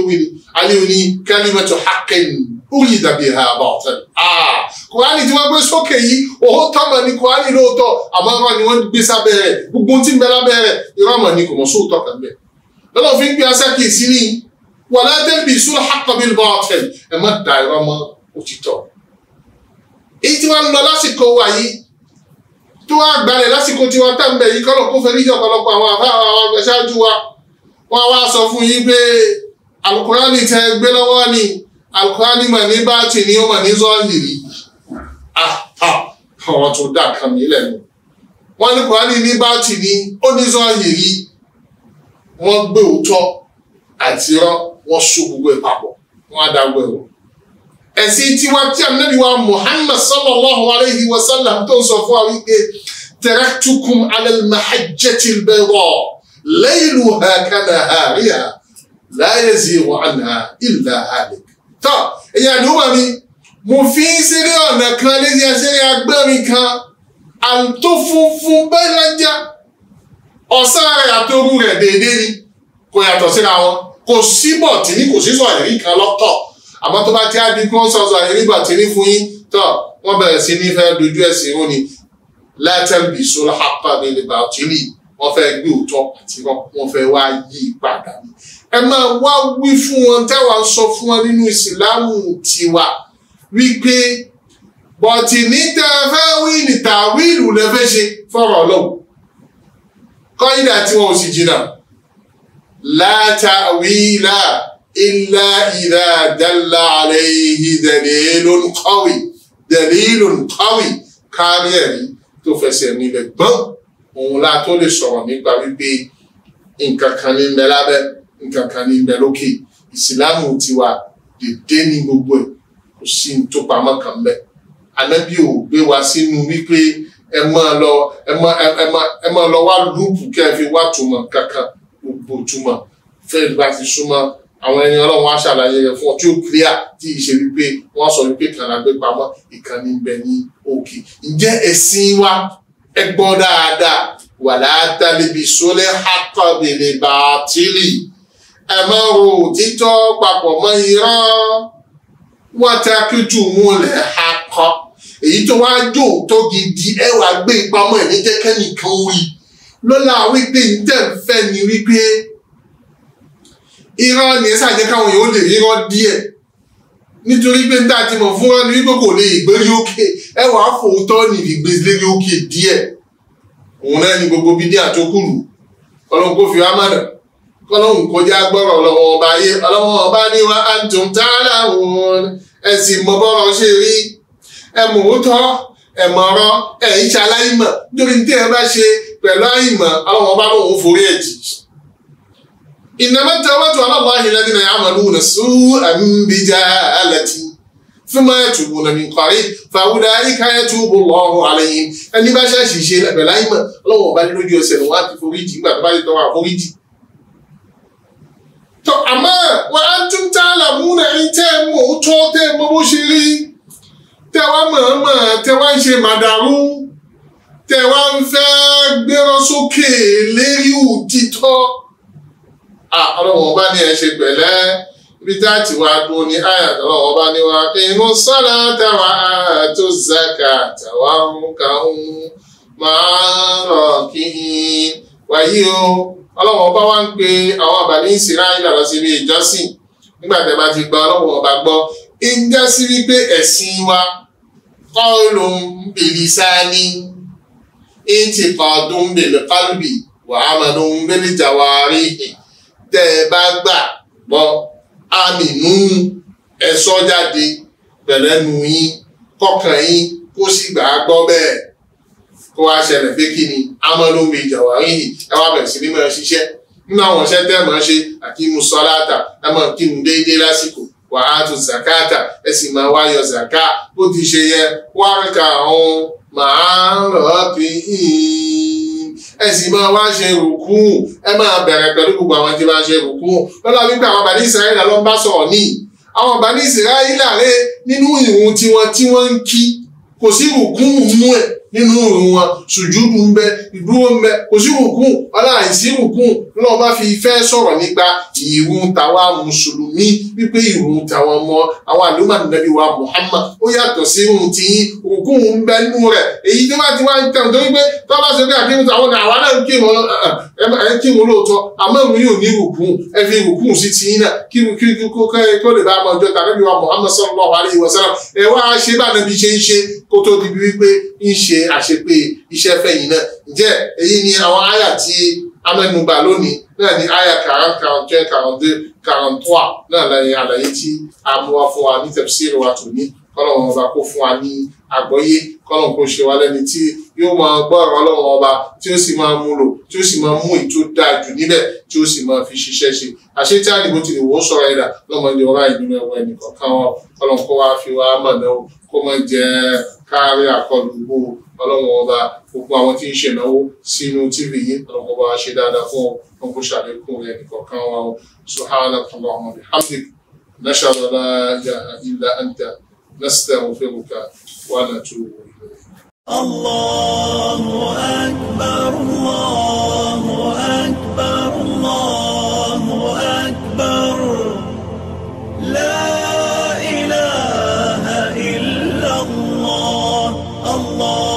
àríwí ni kalimatu haqqin orí ìdàbí ha bàtàn. kùránì tí wọ́n gbé sókè yìí òun tọ́mọ̀ ni kùránì lóòótọ́ àmọ́ ọ̀rọ̀ ni wọ́n gbé sábẹ́ rẹ̀ gbogbo tí ń bẹ lábẹ́ rẹ̀ ìrọ̀mọ̀ ni kò mọ̀ kan bẹ̀. lọ́nà òfin gbé èyí tí wọ́n ń lọ lásìkò wa yìí tí wọ́n àgbàlẹ̀ lásìkò tí wọ́n tẹ̀ ń bẹ̀ yìí kọ́lọ̀ kó fẹ́ níjọ́ ọ̀pọ̀lọpọ̀ àwọn àfa àwọn ọ̀gbẹ̀ṣáájú wa wọ́n wá sọ fún yín pé alukurani tẹ gbé lọ́wọ́ ni alukurani mọ̀ ní báàtì ni ó mọ̀ ní zọ́ọ̀hìrì àwọn ah, tó dá kan mí lẹ́nu wọ́n ní kurani ní báàtì ni ó ní zọ́ọ̀hìrì wọ́n gbé òótọ́ àti irọ́ wọ́n sọ gbogbo ẹ̀ papọ̀ wọ́n á dá gbogbo ẹ̀ wọ̀ ẹ̀sìn tiwa tí anabi wa muhammad sallallahu alayhi wa sallam tó ń sọ fún wa wípé taraktukum ala al-mahajjati al-bayda layluha kanahariha la yazigu anha illa halik. tọ́ ẹ̀yin àdúgbò mi mo fi ń ṣeré ọ̀nà kan lédi aṣeré agbẹ́rin kan àtó funfun bẹ́ẹ̀ lájà ọ̀sán rẹ̀ àtòru rẹ̀ déédéé ni kò yàtọ̀ síra wọn kò síbọ̀ tí ní kò sí sọ̀rọ̀ yìí kan lọ́tọ̀ àmọ́ tó bá ti á di kí wọ́n sọ̀sọ̀ nígbà tí ní fún yín tọ́ wọ́n bẹ̀rẹ̀ sí ní fẹ́ dojú ẹ̀sìn wọn ni látẹ̀bí sọlá hapa ní ìlẹ̀bà òtílì wọ́n fẹ́ gbé òótọ́ àti wọ́n fẹ́ wá yí padà ní. ẹ máa wá wí fún wọn tẹ́wàá sọ fún wọn nínú ìsìláàmù tiwa wípé bọ̀tì ní tẹ́ wí ní tàwíìlù lẹ fẹ́ ṣe fọ̀rọ̀ lọ́wọ́ kọ́ńdà tí wọn ò sì jìnnà látàwíìlà illa idha dalla alayhi dalilun qawi dalilun qawi kárí ẹ̀rí tó fẹsẹ̀ nílẹ̀ gbọ́n òun la tó lè sọ̀rọ̀ nípa wípé nǹkan kan ní bẹ lábẹ́ nǹkan kan ní bẹ lókè ìsìláàmù tiwa dèdè ní gbogbo ẹ̀ kò sí ní tó pamọ́ kan bẹ́ẹ̀ anábì ò gbé wa sínú wípé ẹ máa lọ ẹ máa ẹ máa ẹ máa lọ wá lúùpù kẹ́ ẹ fi wá túmọ̀ kankan gbogbo túmọ̀ fẹ́ẹ́ bá ti súnmọ́ àwọn ẹni ọlọ́run wá ṣàlàyé rẹ̀ fún ọ tí ó clear tí ìṣe wípé wọ́n sọ wípé kan la gbé pamọ́ ìkan ní bẹ ní òkè ǹjẹ́ ẹ̀sìn wa ẹ gbọ́ dáadáa wà látàlíbi sólẹ́ àkọ́bìnrin bàtìlì ẹ má ro òtítọ́ papọ̀ mọ́ irán wọ́n ti akíjú múlẹ̀ akọ èyí tó wá jò tó gidi ẹ wàá gbé pamọ́ ẹ̀ ní jẹ́kẹ́ nìkan wí lọ́la wípé ń tẹ̀ ń fẹ́ ni wípé irọ́ ni ẹ ṣàjẹ́ káwọn yòó lè rírọ́ díẹ̀ nítorí pé tá a ti mọ̀ fúnra ni wípé kò lè gbérí òkè ẹ wà á fòótọ́ òkè díẹ̀ òun náà ni gbogbo bídí àtòkùrù ọlọ́run kò fi wá mọ̀nà kọ́lọ́hún kọjá gbọ́rọ̀ lọ́wọ́ ọba ayé ọlọ́wọ́ ọba ní wa á ń tún tá a láwọn ẹ sì mọ bọ́rọ̀ ṣe rí ẹ mọ̀ ó tọ́ ẹ mọ̀ ọ̀rọ̀ ẹ tí ẹ bá ṣe pẹ̀lú àìmọ̀ ọlọ́wọ́ ọba náà òun forí ẹ̀ jì إنما التوبة على الله الذين يعملون سوءا بجهالة ثم يتوبون من قريب فأولئك يتوب الله عليهم ẹni bá ṣàṣì ṣe ẹ̀bẹ̀ láì mọ̀ ọlọ́wọ́ bá lójú ẹsẹ̀ ni wọ́n á ti foríjì nígbà tó bá lè tọrọ àforíjì. tó àmọ́ wa antum ta'lamuna ẹ̀yin tẹ́ ẹ mọ̀ ó tọ́ tẹ́ ẹ mọ̀ bó ṣe rí tẹ́ wá mọ̀ọ́mọ̀ tẹ́ wá ń ṣe màdàrú tẹ́ wá ń fẹ́ gbérọ́ sókè lérí òtítọ́ ọlọ́wọ́ bá ní ẹ ṣe pẹ̀lẹ́ ibi tá a ti wá gbó ní àyà ọlọ́wọ́ bá ní wá pé mo sọ́nà táwa tó zaka táwa ń ka ń máa ń rọ̀ kí n wáyé o ọlọ́wọ́ bá wá ń pe àwọn àbàní ìsirá ìlànà sí ibi ìjọsìn nígbà tẹ́ bá ti gba ọlọ́wọ́ ọba gbọ́ ń sí wípé ẹ̀sìn wa kọ́ ló ń bèlì sáání ń ọdún bèlè kálùbì wàhálà ló ń bèlè jàwárí hìn tẹ́ ẹ bá gbà gbọ́ àmìnú ẹ sọ jáde pẹ̀lẹ́nu yín kọkàn yín kó sì gbà á gbọ́ bẹ́ẹ̀ kó wá ṣẹlẹ̀ pé kí ni amọ́lómi ìjàwá yìí ẹ wá bẹ̀rẹ̀ sí ní mọ̀ ṣiṣẹ́ nínú àwọn iṣẹ́ tẹ́ mọ̀ ṣe àkímú sọ́láàtà ẹ mọ̀ kí mu déédéé lásìkò wà á tu zakata ẹ sì máa wá yọ zaka bó ti ṣe yẹ wárìkà ọ̀hún màá rọ̀ ọ́ pín in ẹ sì máa wá ṣe rùkú ẹ máa bẹ̀rẹ̀ pẹ̀lú gbogbo àwọn tí máa ṣe rùkú lọ́la wípé àwọn bàní ìsirayílà ló ń bá sọ̀rọ̀ ní àwọn bàní ìsirayílà rẹ nínú ìrun tiwọn tí wọ́n ń kí kò sí rùkú mú ẹ̀ nínú òun wọn sùjúdù ń bẹ ìdúró ń bẹ kò sí rùkún aláìsí rùkún náà bá fi fẹ́ sọ̀rọ̀ nípa ìrun tàwa mùsùlùmí wípé ìrun tàwa ọmọ àwọn àlùmọ̀ nàbí wa Muhammad ó yàtọ̀ sí irun tí rùkún ń bẹ nínú rẹ̀ èyí tó bá ti wá ń tẹ̀wọ̀n torí pé tó bá ṣe pé àkíyèsí àwọn àwa náà ń kírun ẹ kírun lóòótọ́ àmọ́ mi ò ní rùkún ẹ fi rùkún sí ti náà kí sallallahu alaihi wasallam ẹ wá ṣe bá nàbí ṣe ń ṣe àṣepé iṣẹ́ fẹ̀yìn náà ǹjẹ́ èyí ni àwọn àyà tí amẹ́nubà lónìí náà ni àyà quarante quarante un quarante deux quarante trois náà lẹ́yìn àlàyé tí a mú wá fún wa ní tẹ̀síìrì wa tòní kọ́lọ́wọ́n ọba kó fún wa ní àgbọ́yé kọ́lọ́wọ́n kó ṣe wá lẹ́ni tí yóò máa gbọ́ ọ̀rọ̀ ọlọ́wọ́n ọba tí ó sì máa mú lò tí ó sì máa mú ìtó dáa jù níbẹ̀ tí ó sì máa fi ṣiṣẹ́ ṣe àṣé tí àdìbò ti lè wò ó sọ̀rọ̀ ẹ̀dà lọ́mọ ní ọba ìdúró ẹ̀wọ̀ ẹnìkọ̀ọ̀kan wọn kọ́lọ́wọ́n kó wá fi wá mọ̀nà o kó mọ̀ jẹ́ káàárẹ̀ àkọlù gbòó ọlọ́run ọba gbogbo àwọn tí ń ṣe ìnáwó sínú tv yìí ọlọ́run ọba ṣe dáadáa fún ọ wọn ṣàlékún rẹ nìkọ̀ọ̀kan wa o subhanaka allahumma bihamdik nashhadu la ilaha illa anta nastaghfiruka wa natubu ilayk. Allahu akbar Allahu akbar Allahu akbar la. الله